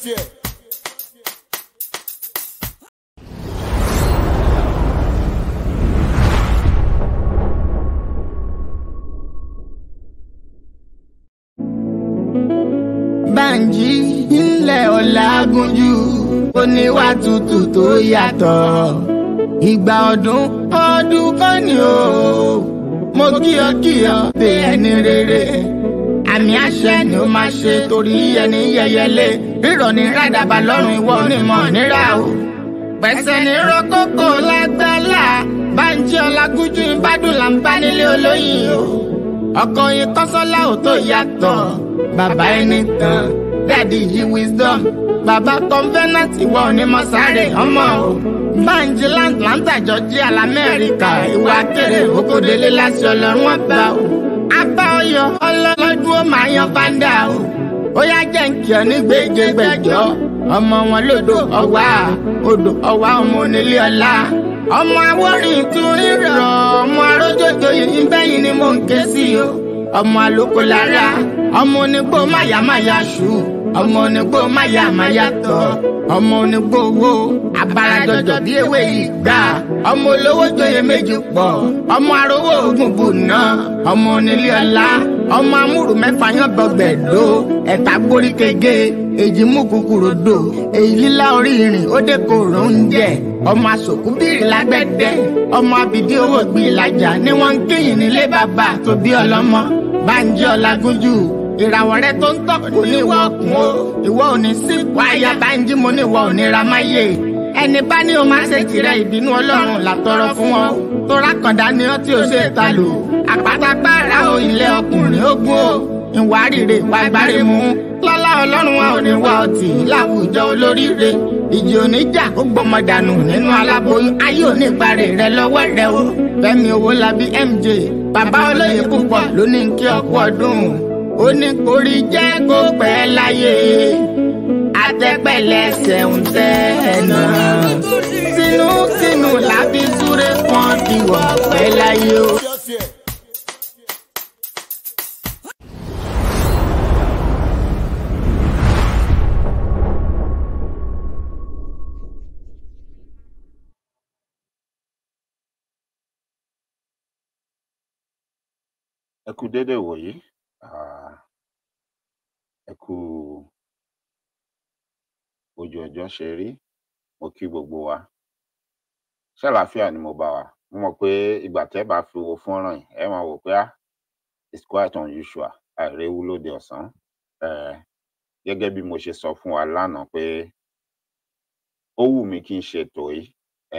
fear. Bánjí ilẹ̀ Ọlágúnjú oníwà tútù tó yàtọ̀ ìgbà ọdún ọdún kan ni o mo kí ọ kí ọ pé ẹni rere àmì àṣẹ ni ó máa ṣe torí ẹni yẹyẹlé rírọ̀ ní rádàbà lọ́rùn ìwọ onímọ̀ nírà o. pẹ̀sẹ̀ ní rọ́kókò lágbálá báńjẹ́ ọlágúnjú ìbádùn là ń bá nílé olóyìn o. ọkọ yìí kọ́sọ́lá ò tó yàtọ̀ bàbá ẹni tán dàdí yìí wisdom bàbá convenant ìwọ onímọ̀ sáré ọmọ o. báńjẹ́ láǹtà jọjí alamẹ́ríkà ìwà kéré òkòdélé láti ọlọ́run ọba o yọ ọlọ́dún ó máa yan panda o ó yá jẹ́ ń kí ọ ní gbẹ́jẹgbẹ́jọ ọmọ wọn lòdò ọwá odò ọwá ọmọ onílé ọlá ọmọ awórin tún rírọ ọmọ arójòjò yìí bẹ́yìn ni mò ń ké sí o ọmọ àlòkò lára ọmọ onígbò máyàmáyà ṣùgbọ́n ọmọ onígbó máyà máyà tọ ọmọ onígbó owó abarajọjọ bí ewé ìgbà ọmọ olówó jọyè méjì pọ ọmọ arówó ogun bùnà ọmọ onílé ọlá ọmọ amúrù mẹ́fà yán bọgbẹ dó ẹ̀ta gbórí kege èjì mú kúkúrú dò èyí lílá orí ó dé kòrò oúnjẹ ọmọ asòkúbìrì lágbẹ̀dẹ ọmọ abìdí owó gbìyànjú ni wọ́n ń kéyìn nílé bàbá tó bí ọlọ́mọ Bánjí Ọlágúnjú ìràwọ̀ rẹ tó ń tọ́ kò ní ìwọ ọkùn o ìwọ ò ní sí wáyà bánjí mo ní ìwọ ò ní ramáyé ẹni bá ní o máa ṣe tirẹ̀ ìbínú ọlọ́run làtọrọ fún ọ tóra kàndá ni ọ tí o ṣe ta lò àpátápára o ilé ọkùnrin ogun o ìwà rírè ìwà ìgbárè mu lọ́lá ọlọ́run wa ò ní wá ọtí láwùjọ olóríire ìjì òní jà ó gbọmọ dànù nínú aláboyún ayé òní ìparẹ rẹ lọ́wọ́ rẹ o Fẹ́mi Owólabí MJ bàbá olóyè púpọ̀ ló kí ọkú ọdún ó ní korí jẹ́ kó pẹ́ láyé àtẹ́pẹ̀lẹ́sẹ̀ ń tẹ́ ẹ̀ náà sínú sínú láti súré kan ìwà pẹ́ láyé o. ẹ kú déédéé wòyí Ah, ẹ kú ojú ọjọ́ ṣe rí mo kí gbogbo wa ṣé àlàáfíà ni mo bá wa mo mọ̀ pé ìgbà tẹ́ bá fi wo fọ́nrán yìí ẹ máa wò pé ah it's quite unusual àìréwú lóde ọ̀sán eh, gẹ́gẹ́ bí mo ṣe sọ fún wa lánàá pé ó wù mí kí n ṣètò yìí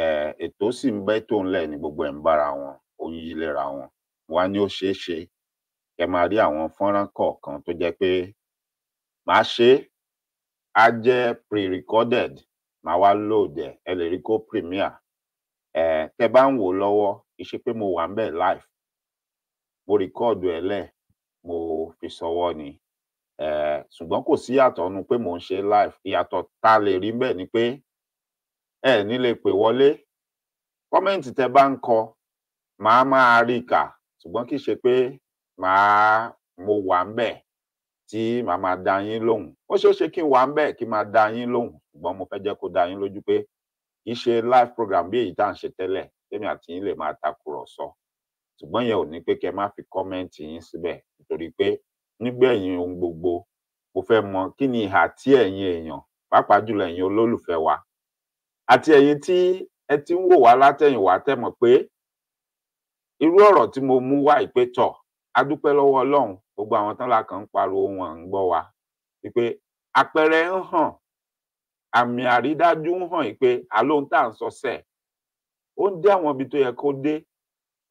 eh, ètò sì ń bẹ tó ń lẹ ní gbogbo ẹ ń bára wọn ó ń wọn wá ní ó ṣeé ṣe ẹ máa rí àwọn fọ́nrán kọ̀ọ̀kan tó jẹ́ pé màá ṣe é á jẹ́ pre-recorded màá wá load ẹ̀ ẹ lè rí kó premiere ẹ̀ tẹ́ bá ń wò ó lọ́wọ́ iṣẹ́ pé mo wà ń bẹ̀ live mo rìkọ́ọ̀dù ẹ̀ lẹ̀ mo fi sọwọ́ ni ṣùgbọ́n kò sí ìyàtọ̀ nu pé mò ń ṣe live ìyàtọ̀ tá a lè rí bẹ́ẹ̀ ni pé ẹ ní lè pè wọlé kọ́mẹ́ǹtì tẹ́ bá ń kọ màá máa rí kà ṣùgbọ́n kì í ṣe pé màá mo wà ń bẹ̀ tí màá máa dá yín lóhùn ó ṣeé ṣe kí n wà ń bẹ̀ kí n máa dá yín lóhùn ṣùgbọ́n mo fẹ́ jẹ́ kó dá yín lójú pé kì í ṣe live program bí èyí tá à ń ṣe tẹ́lẹ̀ tèmi àti yín lè máa takùrọ̀sọ ṣùgbọ́n yẹn ò ní pé kẹ́ má fi kọ́mẹ́ǹtì yín síbẹ̀ nítorí pé nígbẹ̀yìn ohun gbogbo mo fẹ́ mọ kí ni ìhà tí ẹ̀yin èèyàn pàápàá jùlọ ẹ̀yin olólùfẹ́ wa àti ẹ̀yin tí ẹ ti ń wò wá látẹ̀yìnwá tẹ́ mọ̀ pé irú ọ̀rọ̀ tí mo mú wá ìpè a dúpẹ́ lọ́wọ́ Ọlọ́run gbogbo àwọn tán la kàn ń pariwo wọn ń gbọ́ wa wípé àpẹẹrẹ ń hàn àmì àrídájú ń hàn pé àlóhun tá à ń sọ sẹ ó ń dé àwọn ibi tó yẹ kó dé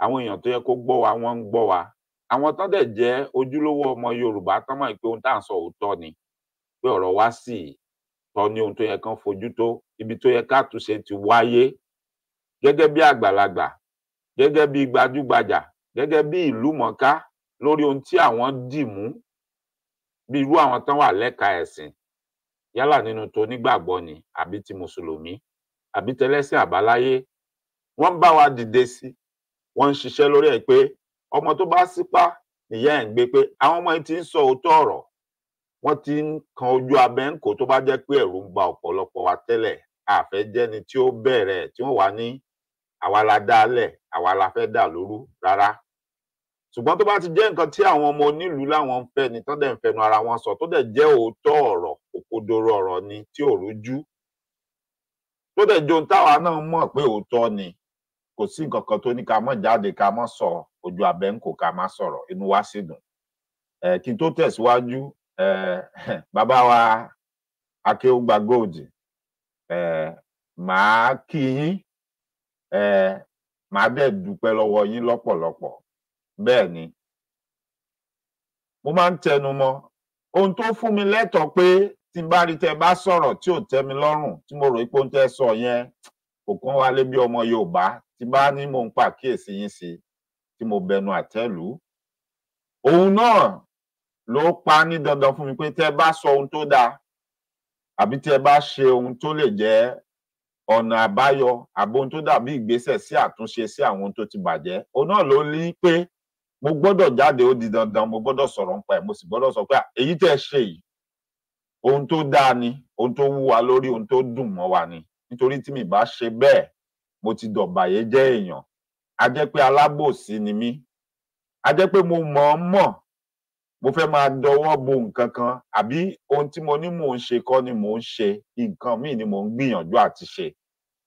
àwọn èèyàn tó yẹ kó gbọ́ wa wọ́n ń gbọ́ wa àwọn tán dẹ̀ jẹ́ ojúlówó ọmọ Yorùbá tán mọ̀ pé ohun tá à ń sọ òótọ́ ni pé ọ̀rọ̀ wa sì tọ́ ní ohun tó yẹ kán fojú tó ibi tó yẹ kátúnṣe ti wáyé gẹ́gẹ́ bí àgbàlagbà gẹ́gẹ́ bí gbajúgbajà gẹ́gẹ́ bí ìlú mọ̀ká lórí ohun tí àwọn dì mú bí irú àwọn tán wà lẹ́ka ẹ̀sìn yálà nínú tó nígbàgbọ́ ni àbí ti mùsùlùmí àbí tẹlẹ́sìn àbáláyé wọ́n ń bá wa dìde sí wọ́n ń ṣiṣẹ́ lórí ẹ̀ pé ọmọ tó bá sípá nìyá ẹ̀ ń gbé pé àwọn ọmọ yìí ti ń sọ òótọ́ ọ̀rọ̀ wọ́n ti ń kan ojú abẹ́ ń kó tó bá jẹ́ pé ẹ̀rù ń ba ọ̀pọ̀lọpọ̀ wa tẹ́lẹ̀ àfẹ́jẹ́ni tí ó bẹ̀rẹ̀ tí wọ́n wà ní àwa la dá lẹ̀ àwa la fẹ́ dà lóru rárá ṣùgbọ́n tó bá ti jẹ́ nǹkan tí àwọn ọmọ onílùú làwọn ń fẹ́ ni tán dẹ̀ ń fẹnu ara wọn sọ tó dẹ̀ jẹ́ òótọ́ ọ̀rọ̀ òkodoro ọ̀rọ̀ ni tí ò rújú tó dẹ̀ jo táwa náà mọ̀ pé òótọ́ ni kò sí nǹkan kan tó ní ká mọ̀ jáde ká mọ̀ sọ ojú abẹ́ ń kò ká má sọ̀rọ̀ inú wa sì dùn kí n tó tẹ̀síwájú bàbá wa akéwùgbà gold màá kí yín màá dẹ̀ dúpẹ́ lọ́wọ́ yín lọ́pọ̀lọpọ̀ bẹ́ẹ̀ ni mo máa ń tẹnu mọ́ ohun tó fún mi lẹ́tọ̀ọ́ pé tí n bá rí tẹ bá sọ̀rọ̀ tí ò tẹ́ mi lọ́rùn tí mo rò pé ohun tẹ́ sọ yẹn kò kán wálé bí ọmọ Yorùbá tí bá ní mò ń pàkíyèsí yín sí tí mo bẹnu àtẹ́lù òun náà ló pa ní dandan fún mi pé tẹ́ bá sọ ohun tó dáa àbí tẹ́ bá ṣe ohun tó lè jẹ́ ọ̀nà àbáyọ àbóhun tó dàbí ìgbésẹ̀ sí àtúnṣe sí àwọn ohun tó ti bàjẹ́ òun náà ló ní pé mo gbọ́dọ̀ jáde ó di dandan mo gbọ́dọ̀ sọ̀rọ̀ nípa ẹ̀ mo sì gbọ́dọ̀ sọ pé èyí tẹ́ ẹ ṣe yìí ohun tó dáa ni ohun tó wú wa lórí ohun tó dùn mọ́ wa ni nítorí tí mi bá ṣe bẹ́ẹ̀ mo ti dọ̀bàyé jẹ́ èèyàn a jẹ́ pé alábòsí ni mí a jẹ́ pé mo mọ̀ ọ́n mọ̀ mo fẹ́ máa dọwọ́ bo nǹkan kan àbí ohun tí mo ní mò ń ṣe kọ́ ni mò ń ṣe nǹkan míì ni mò ń gbìyànjú àti ṣe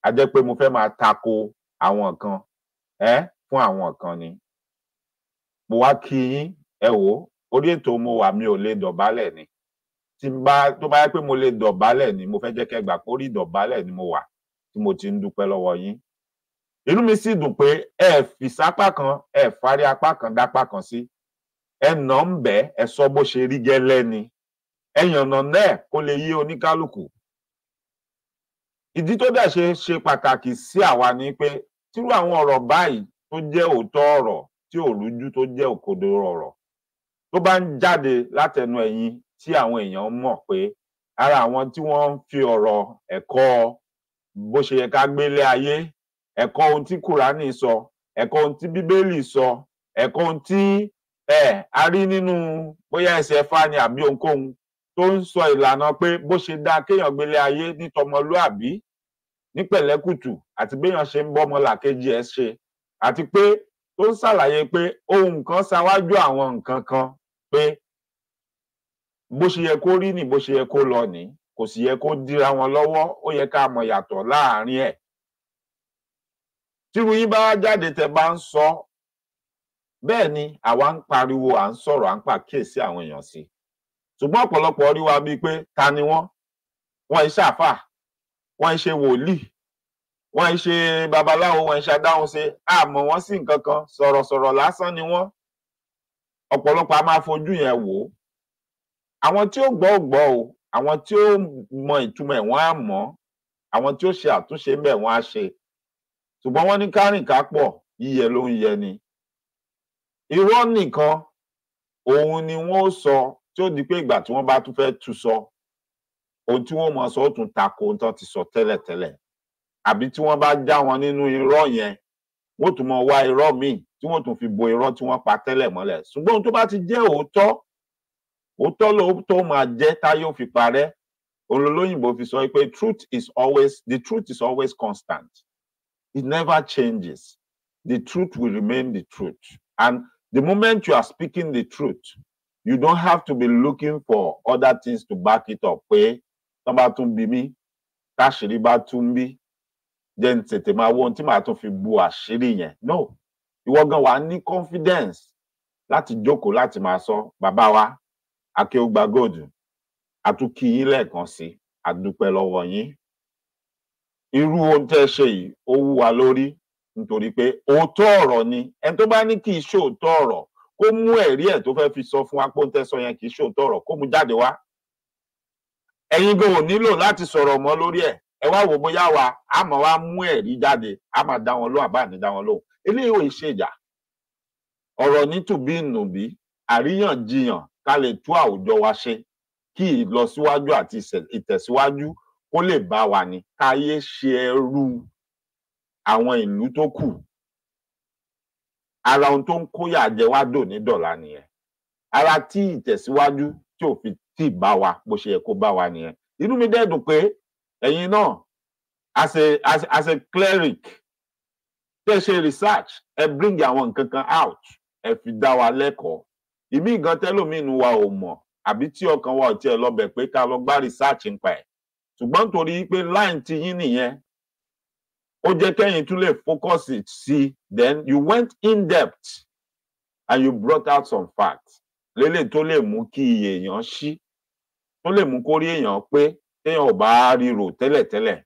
a jẹ́ pé mo fẹ́ máa tako àwọn kan ẹ fún àwọn kan ni mo wá kí yín ẹ wò ó orí ètò mo wà mi ò lè dọ̀bálẹ̀ ni tí bá tó bá yẹ pé mo lè dọ̀bálẹ̀ ni mo fẹ́ jẹ́ kẹ́ gbà pé orí ìdọ̀bálẹ̀ ni mo wà tí mo ti ń dúpẹ́ lọ́wọ́ yín inú mi sì dùn pé ẹ fi sápá kan ẹ fárí apá kan dápá kan sí ẹ nà ń bẹ ẹ sọ bó ṣe rí gẹ́lẹ́ ni ẹ yànnà náà kó lè yé oníkálukú ìdí tó dẹ̀ ṣe ṣe pàtàkì sí àwa ni pé tírú àwọn ọ̀rọ̀ báyìí tó jẹ́ òótọ́ ọ̀rọ̀ tí ò rújú tó jẹ́ òkodoro ọ̀rọ̀ tó bá ń jáde látẹnu ẹ̀yin tí àwọn èèyàn mọ̀ pé ara àwọn tí wọ́n ń fi ọ̀rọ̀ ẹ̀kọ́ bó ṣe yẹ ká gbélé ayé ẹ̀kọ́ ohun tí kùránì sọ ẹ̀kọ́ ohun tí bíbélì sọ ẹ̀kọ́ ohun tí ẹ a rí nínú bóyá ẹsẹ̀ ẹfá ni àbí ohunkóhun tó ń sọ ìlànà pé bó ṣe dáa kéèyàn gbélé ayé ní tọmọlúàbí ní àti béèyàn ṣe ń bọ́mọlàkejì ẹ̀ ṣe àti pé tó ń ṣàlàyé pé ohun kan ṣáwájú àwọn nǹkan kan pé bó ṣe yẹ kó rí ni bó ṣe yẹ kó lọ ni kò sì yẹ kó dira wọn lọ́wọ́ ó yẹ ká mọ̀ yàtọ̀ láàrin ẹ̀ tírú yín bá jáde tẹ́ bá ń sọ bẹ́ẹ̀ ni àwa ń pariwo à ń sọ̀rọ̀ à ń pàkíyèsí àwọn èèyàn sí ṣùgbọ́n ọ̀pọ̀lọpọ̀ rí wa bíi pé ta ni wọ́n wọ́n iṣẹ́ àfà wọ́n iṣẹ́ wòlíì wọn ń ṣe babaláwo wọn ń ṣadáhùn ṣe àmọ́ wọn sì nǹkan kan sọ̀rọ̀sọ̀rọ̀ lásán ni wọn ọ̀pọ̀lọpọ̀ a máa fojú yẹn wò ó àwọn tí ó gbọ́ gbọ́ o àwọn tí ó mọ ìtumọ̀ ẹ̀ wọ́n á mọ̀ àwọn tí ó ṣe àtúnṣe ń bẹ̀ wọ́n á ṣe ṣùgbọ́n wọ́n ní kárìnká pọ̀ yíyẹ ló ń yẹ ni irọ́ nìkan òun ni wọ́n ó sọ tí ó di pé ìgbà tí wọ́n bá tún fẹ́ tu sọ ohun tí wọ́n mọ̀ sọ ó tún tako ohun tí ti sọ tẹ́lẹ̀tẹ́lẹ̀ àbí tí wọ́n bá já wọn nínú irọ́ yẹn wọ́n tún mọ wá irọ́ míì tí wọ́n tún fi bo irọ́ tí wọ́n pa tẹ́lẹ̀ mọ́lẹ̀ ṣùgbọ́n tó bá ti jẹ́ òótọ́ òótọ́ lóòótọ́ máa jẹ́ táyé fi parẹ́ olólóyìnbó fi sọ pé truth is always the truth is always constant it never changes the truth will remain the truth and the moment you are speaking the truth you don't have to be looking for other things to back it up pé tó tún bí mi táṣìírí bá tún bí jẹ́ n tètè máa wo ohun tí màá tún fi bu àṣírí yẹn no ìwọ gan wà ní confidence láti jókòó láti máa sọ bàbá wa akéwùgbà gold àtúnkì yín lẹ́ẹ̀kan sí àdúpẹ́ lọ́wọ́ yín irú ohun tẹ́ ẹ ṣe yìí ó wú wa lórí nítorí pé òótọ́ ọ̀rọ̀ ni ẹni tó bá ní kì í ṣe òótọ́ ọ̀rọ̀ kó mú ẹ̀rí ẹ̀ tó fẹ́ fi sọ fún wa pé sọ yẹn kì í ṣe òótọ́ ọ̀rọ̀ kó mú jáde wá ẹ̀yin gan ò nílò láti sọ̀rọ̀ mọ́ lórí ẹ̀ ẹ wá wò bóyá wa a máa wá mú ẹ̀rí jáde a máa dá wọn lóhùn àbá ní dá wọn lóhùn eléyìí ò ṣe ìjà ọ̀rọ̀ ní tùbí àríyànjiyàn ká lè tú àwùjọ wa ṣe kí ìlọsíwájú àti ìtẹ̀síwájú kó lè bá wa ní káyé ṣe ẹrú àwọn ìlú tó kù ara ohun tó ń kóyà jẹ wá dòní dọ̀la nìyẹn ara tí ìtẹ̀síwájú tí ò fi tì bá wa bó ṣe yẹ kó bá wa nìyẹn inú mi dẹ́dùn pé And you know, as a as, as a cleric tẹ́ ṣe research and bring your one kan out ẹ fi dá wa lẹ́kọ̀ọ́ ìmí nǹkan tẹ́lòmínú wa ò mọ̀ àbí tí ọkàn wa ò tiẹ̀ lọ bẹ̀ pé ká lọ gbá research nípa ẹ̀ ṣùgbọ́n nítorí pé line ti yín nìyẹn ó jẹ́ kẹ́yìn tún lè focus it sí then you went in depth and you brought out some facts lélẹ̀ tó lè mú kí iye èèyàn ṣí tó lè mú kórí èèyàn téèyàn ò bá ríro tẹ́lẹ̀tẹ́lẹ̀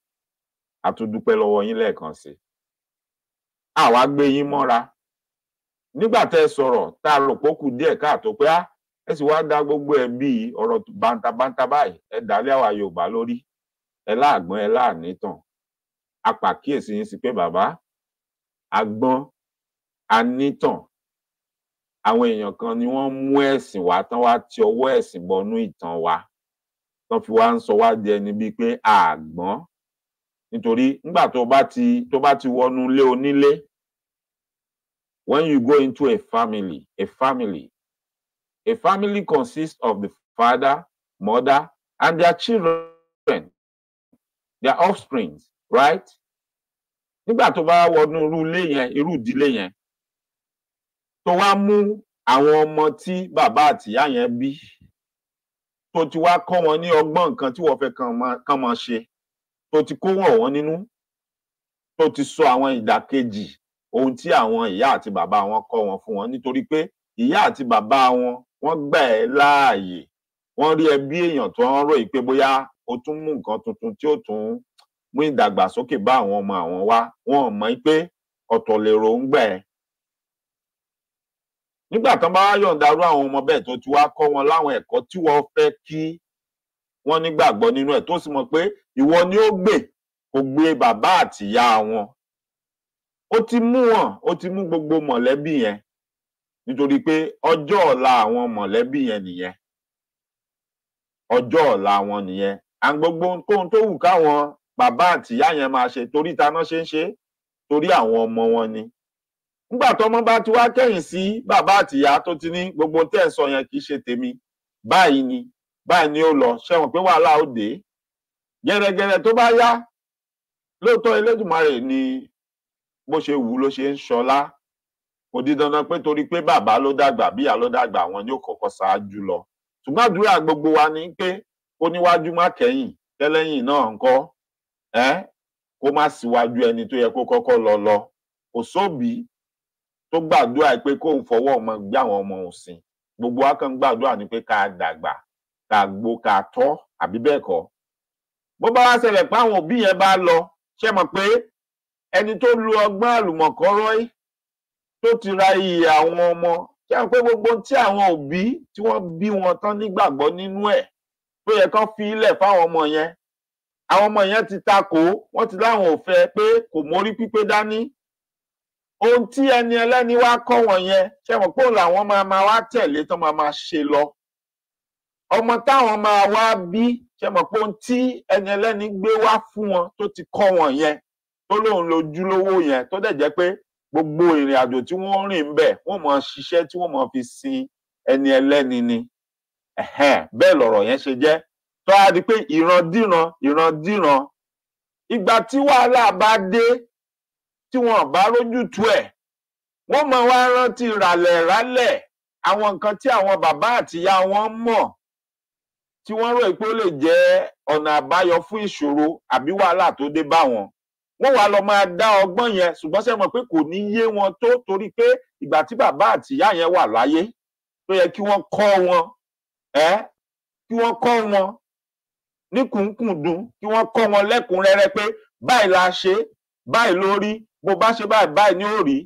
a tún dúpẹ́ lọ́wọ́ yín lẹ́ẹ̀kan sí i àwa gbé yín mọ́ra nígbà tẹ́ sọ̀rọ̀ tá a rò pó kù díẹ̀ káàtó pé á ẹ sì wáá dá gbogbo ẹ bíi ọ̀rọ̀ bàǹtàbàǹtà báyìí ẹ dálé àwa Yorùbá lórí ẹ láàgbọ́n ẹ láànítàn a pàkíyèsí yín sí pé bàbá àgbọ́n anítàn àwọn èèyàn kan ni wọ́n mú ẹ̀sìn wá tán wá ti ọwọ́ ẹ̀sìn bọnú ìtàn wa wọ́n fi wá ń sọ wá jẹ ni bíi pé àgbọ́n nítorí nígbà tó bá ti tó bá ti wọnú ilé onílé when you go into a family a family a family consists of the father mother and their children their offspring right nígbà tó bá wọnú irú ilé yẹn irú ìdílé yẹn tó wá mú àwọn ọmọ tí bàbá àtìyá yẹn bí tó ti wá kọ́ wọn ní ọgbọ́n nǹkan tí wọ́n fẹ́ kàn máa ṣe tó ti kó wọ̀n wọ́n nínú tó ti sọ àwọn ìdàkejì ohun tí àwọn ìyá àti bàbá wọn kọ́ wọn fún wọn nítorí pé ìyá àti bàbá wọn wọ́n gbà ẹ́ láàyè wọ́n rí ẹbí èèyàn tó ń rò yìí pé bóyá o tún mú nǹkan tuntun tí ó tún mú ìdàgbàsókè bá àwọn ọmọ àwọn wá wọn mọ̀ pé ọ̀tọ̀ lèrò ń gbà nígbà kan bá yọ̀ǹda irú àwọn ọmọ bẹ́ẹ̀ tó ti wá kọ́ wọn láwọn ẹ̀kọ́ tí wọ́n fẹ́ kí wọ́n nígbàgbọ́ nínú ẹ̀ tó sì mọ̀ pé ìwọ ni ó gbè kò gbé bàbá àtìyá wọn ó ti mú wọn ó ti mú gbogbo mọ̀lẹ́bí yẹn nítorí pé ọjọ́ ọ̀la àwọn mọ̀lẹ́bí yẹn nìyẹn ọjọ́ ọ̀la wọn nìyẹn à ń gbogbo ohun tó wù káwọn bàbá àtìyá yẹn máa ṣe torí taná ṣe ń ṣe torí àwọn ọmọ wọn ni nígbà tọmọ bá ti wá kẹ̀yìn sí bàbá àtìyá tó ti ní gbogbo tẹ́ ẹ̀ sọ yẹn kì í ṣe tèmi báyìí ni báyìí ni ó lọ ṣẹ̀wọ̀n pé wàhálà ó dé gẹ́rẹ́gẹ́rẹ́ tó bá yá lóòótọ́ Elédùmarè ni bó ṣe wù ú ló ṣe ń ṣọlá kò di dandan pé torí pé bàbá ló dàgbà bíyà ló dàgbà àwọn ni ó kọ́kọ́ ṣáájú lọ ṣùgbọ́n àdúrà gbogbo wa ni pé kó níwájú má kẹ́yìn tẹ́lẹ́yìn náà ńkọ́ ẹ́ kó má síwájú ẹni tó yẹ kó kọ́kọ́ lọ lọ kò sóbìí tó gbàdúrà pé kóun fọwọ́ ọmọ gbé àwọn ọmọ òun sìn gbogbo wa kàn gbàdúrà ni pé ká dàgbà ká gbó ká tọ́ àbí bẹ́ẹ̀ kọ́ bó bá wá ṣẹlẹ̀ pé àwọn òbí yẹn bá lọ ṣe mọ̀ pé ẹni tó lu ọgbọ́n àlùmọ̀kọ́rọ́ yìí tó ti ra iyì àwọn ọmọ ṣe mọ̀ pé gbogbo tí àwọn òbí tí wọ́n bí wọn tán nígbàgbọ́ nínú ẹ̀ tó yẹ kán fi ilẹ̀ fáwọn ọmọ yẹn àwọn ọmọ yẹn ti takò wọ́n ti láwọn ò pé kò mórí pípé dání ohun tí ẹni ẹlẹ́ni wá kọ́ wọn yẹn ṣe mọ̀ pé òun làwọn máa máa wá tẹ̀lé tó máa máa ṣe lọ ọmọ táwọn máa wá bí ṣe mọ̀ pé ohun tí ẹni ẹlẹ́ni gbé wá fún wọn tó ti kọ́ wọn yẹn tó lóun lójúlówó yẹn tó dẹ̀ jẹ́ pé gbogbo ìrìn àjò tí wọ́n rìn bẹ̀ wọ́n mọ̀ ṣiṣẹ́ tí wọ́n mọ̀ fi sin ẹni ẹlẹ́ni ni bẹ́ẹ̀ lọ̀rọ̀ yẹn ṣe jẹ́ tó a di pé ìrandíran ìrandíran ìgbà tí wàhálà bá dé tí wọn bá rójú tu ẹ̀ wọ́n mọ̀ wá rántí ràlẹ̀ rálẹ̀ àwọn nǹkan tí àwọn bàbá àtìyá wọn mọ̀ tí wọ́n rò pé ó lè jẹ́ ọ̀nà àbáyọ fún ìṣòro àbí wàhálà tó dé bá wọn wọ́n wá lọ máa dá ọgbọ́n yẹn ṣùgbọ́n ṣe mọ̀ pé kò ní yé wọn tó torí pé ìgbà tí bàbá àtìyá yẹn wà láyé tó yẹ kí wọ́n kọ́ wọn ẹ kí wọ́n kọ́ wọn níkùnkùndùn kí wọ́n kọ́ wọn lẹ́kùnrẹ́rẹ́ pé báyìí la ṣe báyìí lórí bó bá ṣe báyìí báyìí ni ó rí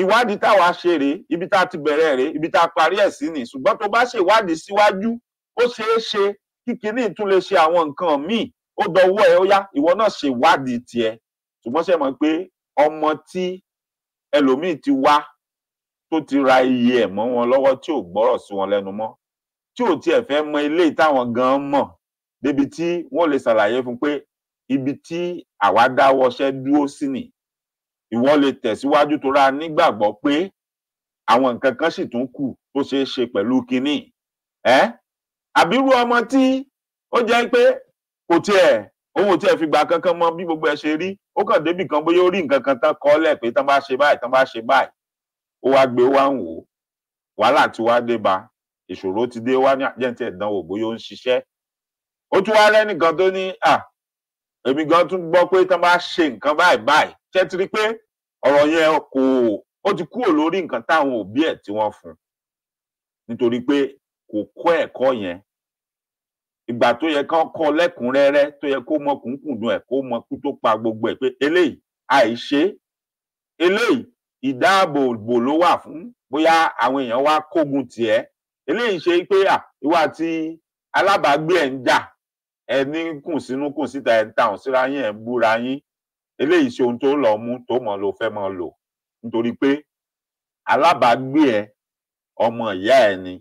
ìwádìí táwa ṣe rèé ibi tá a ti bẹ̀rẹ̀ rèé ibi tá a parí ẹ̀ sí ni ṣùgbọ́n tó bá ṣe ìwádìí síwájú ó ṣeé ṣe kí kinní tún lè ṣe àwọn nǹkan míì ó dọwọ́ ẹ ó yá ìwọ náà ṣe ìwádìí tiẹ̀ ṣùgbọ́n ṣe mọ̀ pé ọmọ tí ẹlòmíì ti wá tó ti ra iye ẹ̀ mọ́ wọn lọ́wọ́ tí ò gbọ́rọ̀ sí wọn lẹ́nu mọ́ tí ò tiẹ̀ fẹ́ mọ ilé táwọn gan mọ̀ débi tí wọ́n lè ṣàlàyé fún pé ibi tí àwa dáwọ́ṣẹ́ dúró sí nìyí ìwọ lè tẹ̀síwájú tó ra nígbàgbọ́ pé àwọn nǹkan kan sì tún kù tó ṣeé ṣe pẹ̀lú kínní ẹ àbírú ọmọ tí ó jẹ́ pé kò tiẹ̀ òun ò tiẹ̀ fìgbà kankan mọ bí gbogbo ẹ ṣe rí ó kàn débì kan bóyá ó rí nǹkan kan tán kọ́ lẹ̀ pé tán bá ṣe báyìí tán bá ṣe báyìí ó wá gbé wá ń wò ó wàhálà tí wàá dé ba ìṣòro ti dé wá ní àjẹǹtì ẹ̀dánwò bóyá ó ń ṣiṣẹ́ ó tún wá rẹ́nìkan tó ní à èmi gan tún gbọ́ pé tán bá ṣe nǹkan báyìí báyìí ṣé ti rí pé ọ̀rọ̀ yẹn kò ó ti kúrò lórí nǹkan táwọn òbí ẹ̀ tí wọ́n fún nítorí pé kò kọ́ ẹ̀kọ́ yẹn ìgbà tó yẹ kán kọ́ lẹ́kùnrẹ́rẹ́ tó yẹ kó mọ kùnkùndùn ẹ̀ kó mọ kú tó pa gbogbo ẹ̀ pé eléyìí àìṣe eléyìí ìdáàbòbò ló wà fún bóyá àwọn èèyàn wá kógun tiẹ̀ eléyìí ṣe pé à ìwà tí alábàágbé ẹ̀ ń jà ẹni kùn sínú kùn síta ẹ ń ta àwọn síra yín ẹ ń búra yín eléyìí ṣe ohun tó lọ mú tó mọ ló fẹ́ mọ lò nítorí pé alábàágbé ẹ ọmọ ìyá ẹ ni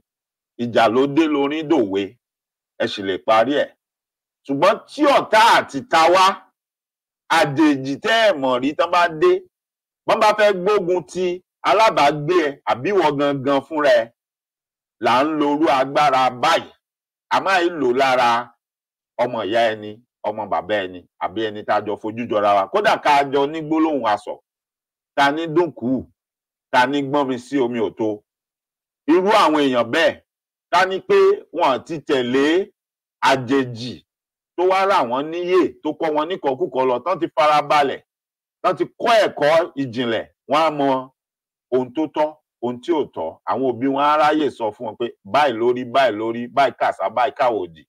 ìjà ló dé lórí dòwe ẹ sì lè parí ẹ ṣùgbọ́n tí ọ̀tá àti tawá àjèjì tẹ́ ẹ mọ̀ rí tán bá dé wọ́n bá fẹ́ gbógun ti alábàágbé ẹ àbí gangan fúnra ẹ là ń lorú agbára báyìí a máa ń lò lára ọmọ ìyá ẹni ọmọ bàbá ẹni àbí ẹni tá a jọ fojú jọra wa kódà ká a jọ ní gbólóhùn aṣọ ta ní dùnkù ta ní gbọ́n mi sí omi ò tó irú àwọn èèyàn bẹ́ẹ̀ ká ní pé wọn ti tẹ̀lé àjèjì tó wá rà wọ́n níyè tó kọ́ wọn níkọ̀ọ́kùkọ̀ lọ tán ti fara balẹ̀ tán ti kọ́ ẹ̀kọ́ ìjìnlẹ̀ wọ́n á mọ ohun tó tọ́ ohun tí ò tọ́ àwọn òbí wọn á sọ fún wọn pé báyìí lórí báyìí lórí báyìí kàṣà báyìí káwòdì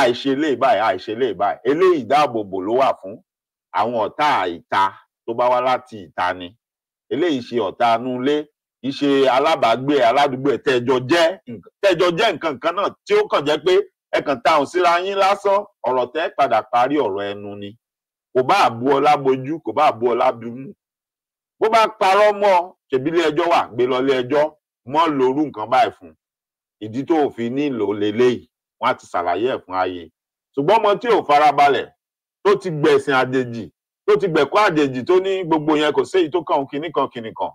àìṣe lè báyìí àìṣe lè báyìí eléyìí ìdáàbòbò ló wà fún àwọn ọ̀tá ìta tó bá wá láti ìta ni eléyìí ṣe ọ̀tá anúlé ìṣe alábàágbé aládùúgbò ẹ̀ tẹ́jọ jẹ́ tẹ́jọ jẹ́ nǹkan kan náà tí ó kàn jẹ́ pé ẹ kàn táwọn síra yín lásán ọ̀rọ̀ tẹ́ padà parí ọ̀rọ̀ ẹnu ni kò bá àbú ọlá bojú kò bá àbú ọlá bímú bó bá parọ́ mọ́ ṣèbílé ẹjọ́ wà gbé lọ lé ẹjọ́ mọ́ lórú nǹkan báyìí fún ìdí tó fi ní lélẹ́yìí wọn á ti ṣàlàyé ẹ̀ fún ayé ṣùgbọ́n ọmọ tí ò farabalẹ̀ tó ti gbẹ̀sìn àjèjì tó ti gbẹ̀kọ́ àjèjì tó ní gbogbo yẹn kò séyìí tó kàn kínní kan kínní kan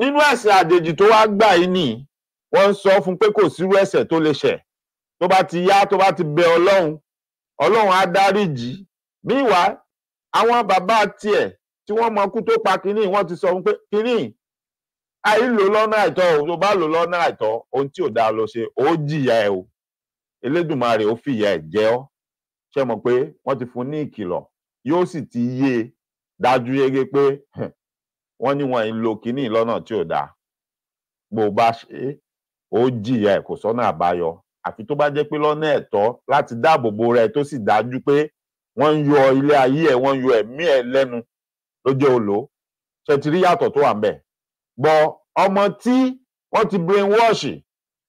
nínú ẹ̀sìn àjèjì tó wá gbà yìí nì wọ́n ń sọ fún pé kò sírú ẹ̀ṣẹ̀ tó lè ṣẹ̀ tó bá ti yá tó bá ti bẹ Ọlọ́run Ọlọ́run á dáríjì míwá àwọn bàbá tiẹ̀ tí wọ́n mọ kú tó pa kínní wọ́n ti sọ fún pé kínní àìlò lọ́nà àìtọ́ o tó bá lò lọ́nà àìtọ́ ohun tí ò dáa lọ ṣe ó jìyà ẹ o elédùnmarè ó fìyà ẹ̀ jẹ ọ́ ṣe mọ̀ pé wọ́n ti fún ní ìkìlọ̀ yóò sì ti yé e dájú yege pé wọ́n ní wọn ń lo kínní lọ́nà tí ò dáa bó o bá ṣe é ó jìyà ẹ̀ kò sọ́nà àbáyọ àfi tó bá jẹ́ pé lọ́nà ẹ̀tọ́ láti dáàbò bo rẹ tó sì dájú pé wọ́n ń yọ ilé ayé ẹ̀ wọ́n ń yọ ẹ̀mí ẹ̀ lẹ́nu ló jẹ́ olò ṣe ti rí yàtọ̀ tó wà ń bẹ̀ gbọ́ ọmọ tí wọ́n ti brainwash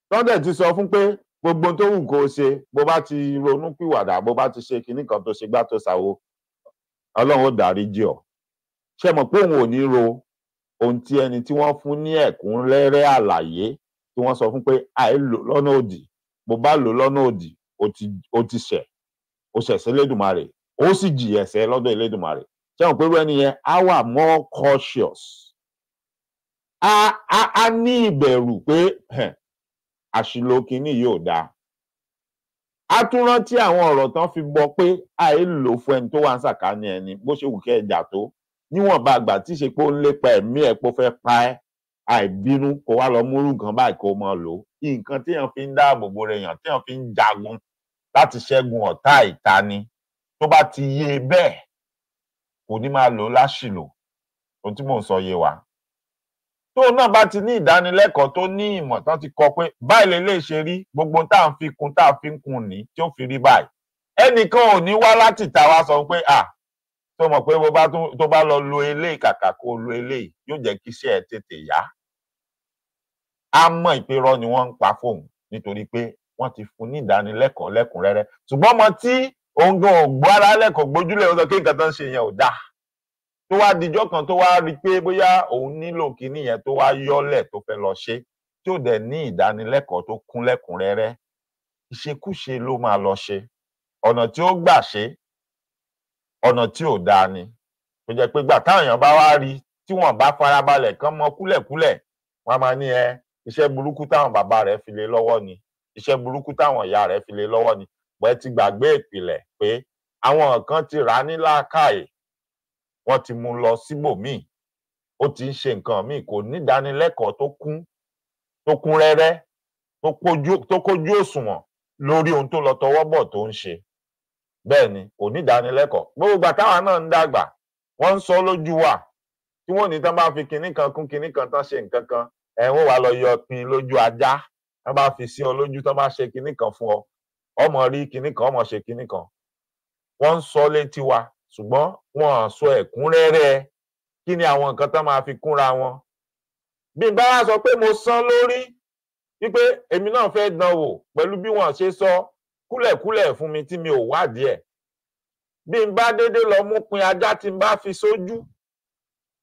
tọ́ndẹ̀ ti sọ fún pé gbogbo tó wù kó o ṣe bó bá ti ronú pìwàdà bó bá ti ṣe kinní kan tó ṣe gbá tó ṣàwo ọlọ́run ó dárí jì ọ́ ṣe mọ̀ pé òun ò ní ro ohun tí ẹni tí wọ́n fún ní ẹ̀kúnrẹ́rẹ́ àlàyé tí wọ́n sọ fún pé àì lò lọ́nà òdì bó bá lò lọ́nà òdì ó ti ṣẹ̀ ó ṣẹ̀ sí Elédùmarè ó sì jì ẹ̀ṣẹ̀ lọ́dọ̀ Elédùmarè ṣe mọ̀ pé irú ẹni yẹn á wà more cautious a a a ní ìbẹ̀rù pé àṣìlò kínní yìí ò dáa a tún rántí àwọn ọ̀rọ̀ tán fi gbọ́ pé àì lò fún ẹni tó wà ń sàkání ẹni bó ṣe wù kí ẹjà tó níwọ̀nba àgbà tí ṣe pé ó ń lépa ẹ̀mí ẹ̀ pé ó fẹ́ pa ẹ́ àìbínú kó wá lọ múrú nǹkan báyìí kó mọ lò nǹkan téèyàn fi ń dáàbò bo rẹ̀ èèyàn téèyàn fi ń jagun láti ṣẹ́gun ọ̀tá ìta ni tó bá ti yé e kò ní máa lò láṣìlò ohun tí mò ń sọ yé wa tó náà bá ti ní ìdánilẹ́kọ̀ọ́ tó ní ìmọ̀ tán ti kọ pé báyìí lélẹ̀ ṣe rí gbogbo tá à ń fi kún tá à fi ń kún ní tí ó fi rí báyìí ẹnìkan ò ní wá láti ta wá sọ pé à tó mọ̀ pé tó bá lọ lo eléyìí kàkà kó lo eléyìí yóò jẹ́ kí iṣẹ́ ẹ̀ tètè yá á mọ̀ ìpérọ́ ni wọ́n ń pa fóun nítorí pé wọ́n ti fún ní ìdánilẹ́kọ̀ọ́ lẹ́kùnrẹ́rẹ́ ṣùgbọ́n ọmọ tí òun gan ò gbọ́ ara lẹ́kọ̀ọ́ gbójúlẹ̀ ó sọ nǹkan tó ń ṣe yẹn ò dáa tó wá dijọ́ kan tó wá rí i pé bóyá òun nílò kinní yẹn tó wá yọ́lẹ̀ tó fẹ́ lọ ṣe tí ò dẹ̀ ní ìdánilẹ́kọ̀ọ́ tó kún lẹ́kùnrẹ́rẹ́ ìṣekúṣe ló máa lọ ṣe ọ̀nà tí ó gbà ṣe ọ̀nà tí ò dáa ni tó jẹ́ pé gbà táwọn èèyàn bá wá rí tí wọ́n bá farabalẹ̀ kán mọ kúlẹ̀kúlẹ̀ wọ́n máa ní ẹ iṣẹ́ burúkú táwọn bàbá rẹ̀ fi lé lọ́wọ́ ni iṣẹ́ burúkú táwọn ìyá rẹ̀ fi lé lọ́wọ́ ni bọ́ẹ̀ ti gbàgbé ìpìlẹ̀ pé àwọn kan ti rà á ní làákàyè wọ́n ti mú lọ síbòmíì ó ti ń ṣe nǹkan míì kò nídánilẹ́kọ̀ọ́ tó kún tó kún rẹ́rẹ́ tó kójú òṣùwọ̀n lórí ohun tó lọ tọwọ́ bọ̀ tó ń ṣe bẹ́ẹ̀ ni kò nídánilẹ́kọ̀ọ́ gbogbo ìgbà táwa náà ń dàgbà wọ́n ń sọ lójú wa tí wọ́n ní tán bá fi kinní kan kún kinní kan tán ṣe nǹkan kan ẹ̀ ń wà lọ yọ pin lójú ajá tán bá fi sí ọ lójú tán bá ṣe kinní kan fún ọ ọmọ rí kinní kan ọmọ ṣe kinní kan wọ́n ń sọ létí wa ṣùgbọ́n wọn sọ ẹ̀kúnrẹ́rẹ́ kí ni àwọn nǹkan tán máa fi kúnra wọn bí n bá wá sọ pé mo san lórí wípé èmi náà fẹ́ dán wò pẹ̀lú bí wọ́n ṣe sọ kúlẹ̀kúlẹ̀ fún mi tí mi ò wádìí ẹ̀ bí n bá déédéé lọ mú pin ajá tí n bá fi sójú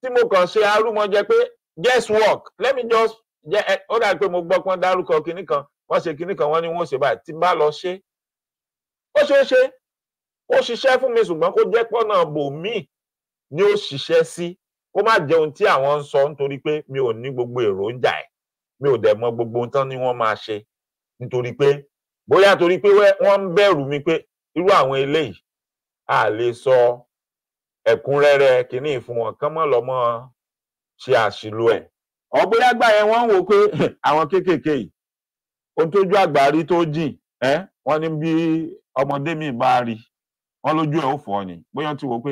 tí mo kàn ṣe arúmọjẹ pé guess work let me just jẹ ẹ ó dàbí pé mo gbọ́ pé wọ́n dárúkọ kinní kan wọ́n ṣe kinní kan wọ́n ní wọ́n ṣe báyìí tí n bá lọ ṣe ó ṣeé ṣe ó ṣiṣẹ́ fún mi ṣùgbọ́n kó jẹ́ pọ́nà bòmíì ni ó ṣiṣẹ́ sí kó má jẹ ohun tí àwọn ń sọ nítorí pé mi ò ní gbogbo èròjà ẹ̀ mi ò dẹ̀ mọ gbogbo ohun tán ni wọ́n máa ṣe nítorí pé bóyá torí pé wọ́n ń bẹ̀rù mi pé irú àwọn eléyìí a lè sọ ẹ̀kúnrẹ́rẹ́ kínní fún wọn kán mọ́ lọ́mọ ṣe àṣìlò ẹ̀ ọ̀bóyá gbà yẹn wọ́n ń wò pé àwọn kéékèèké yìí ohun tójú àgbárí tó jìn wọ́n ní bí ọmọdé mi bá rí wọn lójú ẹ ó fọ ni bóyá ti wò pé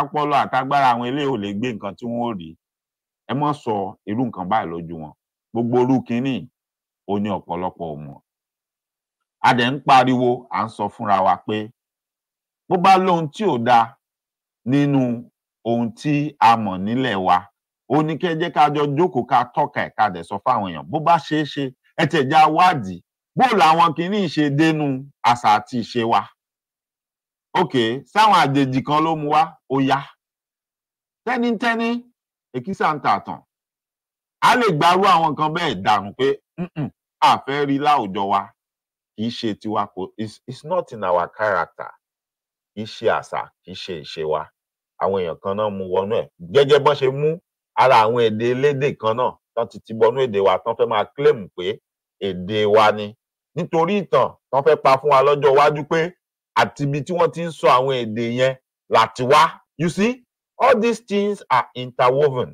apọlọ àtagbára àwọn ilé ò lè gbé nǹkan tí wọn ò rí ẹ mọ sọ irú nǹkan báyìí lójú wọn gbogbo orú kínní ò ní ọ̀pọ̀lọpọ̀ ọmọ a dẹ̀ ń pariwo à ń sọ fúnra wa pé bó bá lóhun tí ò dáa nínú ohun tí a mọ̀ nílẹ̀ wa ó ní kẹ́ jẹ́ ká jọ jókòó ká tọ́ka ẹ̀ ká dẹ̀ sọ fáwọn èèyàn bó bá ṣeé ṣe ẹ tẹ̀ já wádìí bó làwọn kìíní ṣe dénú àṣà àti ìṣe wa ok sáwọn àjèjì kan ló mu wá ó yá tẹ́nítẹ́ní èkìsà ń tàtàn a lè gbarú àwọn nǹkan bẹ́ẹ̀ dànù pé àfẹ́ rí láwùjọ wa kì í ṣe tiwa kò it's not in our character kì í ṣe àṣà kì í ṣe ìṣe wa àwọn èèyàn kan náà mu wọnú ẹ̀ gẹ́gẹ́ bọ́n ṣe mú ara àwọn èdè elédè kan náà tán ti ti bọnú èdè wa tán fẹ́ máa claim pé èdè wa ni nítorí ìtàn tán fẹ́ pa fún wa lọ́jọ́ iwájú pé àti ibi tí wọ́n ti ń sọ àwọn èdè yẹn láti wá you see all these things are interwoven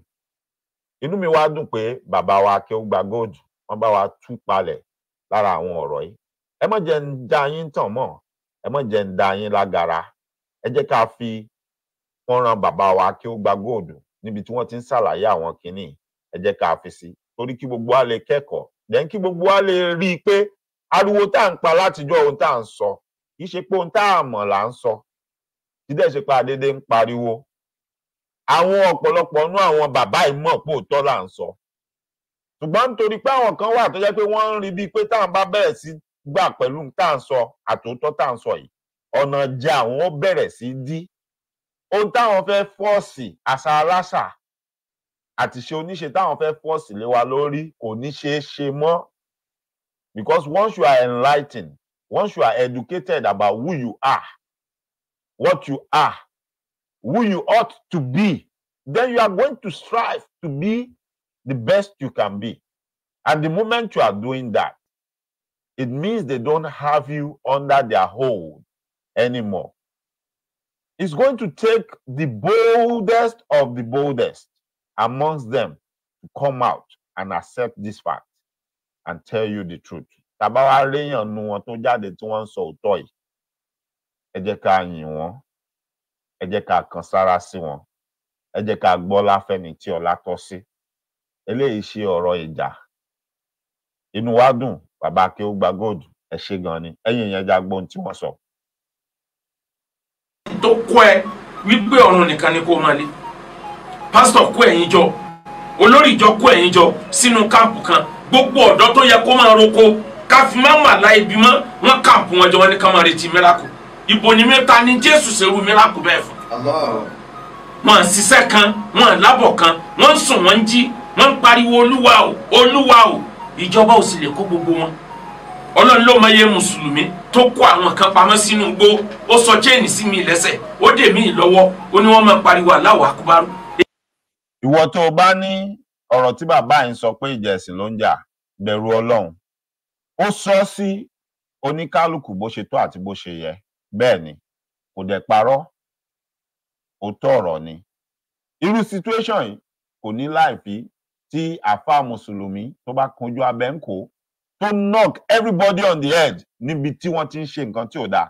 inú mi wá dùn pé bàbá wa kí ó gba gold wọ́n bá wa tú palẹ̀ lára àwọn ọ̀rọ̀ yìí ẹ má jẹ́ ń dá yín tàn mọ́ ẹ má jẹ́ ń dá yín lágara ẹ jẹ́ ká fi fọ́nrán bàbá wa kí ó gba gold níbi tí wọ́n ti ń ṣàlàyé àwọn kinní ẹ jẹ́ ká fi sí torí kí gbogbo wa lè kẹ́kọ̀ọ́ dẹ́n kí gbogbo wa lè rí i pé ariwo tá à ń pa látijọ́ ohun tá à ń sọ kì í ṣe pé ohun tá a mọ̀ là ń sọ kì í dẹ̀ ṣe pé àdédé ń pariwo àwọn ọ̀pọ̀lọpọ̀ inú àwọn bàbá yìí mọ̀ pé òótọ́ là ń sọ ṣùgbọ́n nítorí pé àwọn kan wà tó jẹ́ pé wọ́n ń rí bíi pé táwọn bá bẹ̀rẹ̀ sí gbà pẹ̀lú tá à ń sọ àtòótọ́ tá à ń sọ yìí ọ̀nà jẹ àwọn ó bẹ̀rẹ̀ sí dí ohun táwọn fẹ́ fọ́ọ̀sì àṣà aláṣà àtìṣe oníṣe táwọn fẹ́ fọ́ọ̀sì lé wa lórí kò ní ṣeé ṣe mọ́ because once you are enlightened Once you are educated about who you are, what you are, who you ought to be, then you are going to strive to be the best you can be. And the moment you are doing that, it means they don't have you under their hold anymore. It's going to take the boldest of the boldest amongst them to come out and accept this fact and tell you the truth. tàbá wá réèyàn nu wọn tó jáde tí wọn ń sọ òótọ́ yìí ẹ jẹ́ ká yìn wọn ẹ jẹ́ ká kan sára sí wọn ẹ jẹ́ ká gbọ́lá fẹ́ni tí ọlá tọ́ sí eléyìí ṣe ọ̀rọ̀ ìjà inú wa dùn bàbá Akeugba Gold ẹ ṣe gan ni ẹ̀yin yẹn já gbóhun tí wọ́n sọ. tó kọ́ ẹ wípé ọ̀run nìkan ni kó máa lé pásítọ̀ kó ẹ̀yin jọ olórí ìjọ kó ẹ̀yin jọ sínú káàpù kan gbogbo ọ̀dọ́ tó yẹ kó máa roko kafima mala ibi ma wọn kampu wọn jọ ni kama retí miraku ibo ni mẹ́ta ni jésù ṣerú miraku bẹ́ẹ̀ fún. wọn ṣiṣẹ́ kan wọn labọ̀ kan wọn sùn wọn jí wọn pariwo olúwa o olúwa o ìjọba ò sì lè kó gbogbo wọn ọlọ́run ló máa yẹ mùsùlùmí tó kó àwọn kan pamọ́ sínú igbó ó sọ chéènì sí mi lẹ́sẹ̀ ó dè mí lọ́wọ́ ó ní wọ́n máa pariwo aláwọ̀ akúbárú. ìwọ tó o bá ní ọ̀rọ̀ tí bàbá yìí sọ pé ìjẹ̀sìn ló ń jà bẹ̀rù ọlọ́run ó sọ sí oníkálukú bó ṣe tó àti bó ṣe yẹ bẹ́ẹ̀ ni kò dẹ̀ parọ́ òótọ́ ọ̀rọ̀ ni irú situation yìí kò ní láìpí tí àáfàá mùsùlùmí tó bá kunjú abẹ́ǹkó tó knock everybody on the head níbi tí wọ́n ti ń ṣe nǹkan tí ò dáa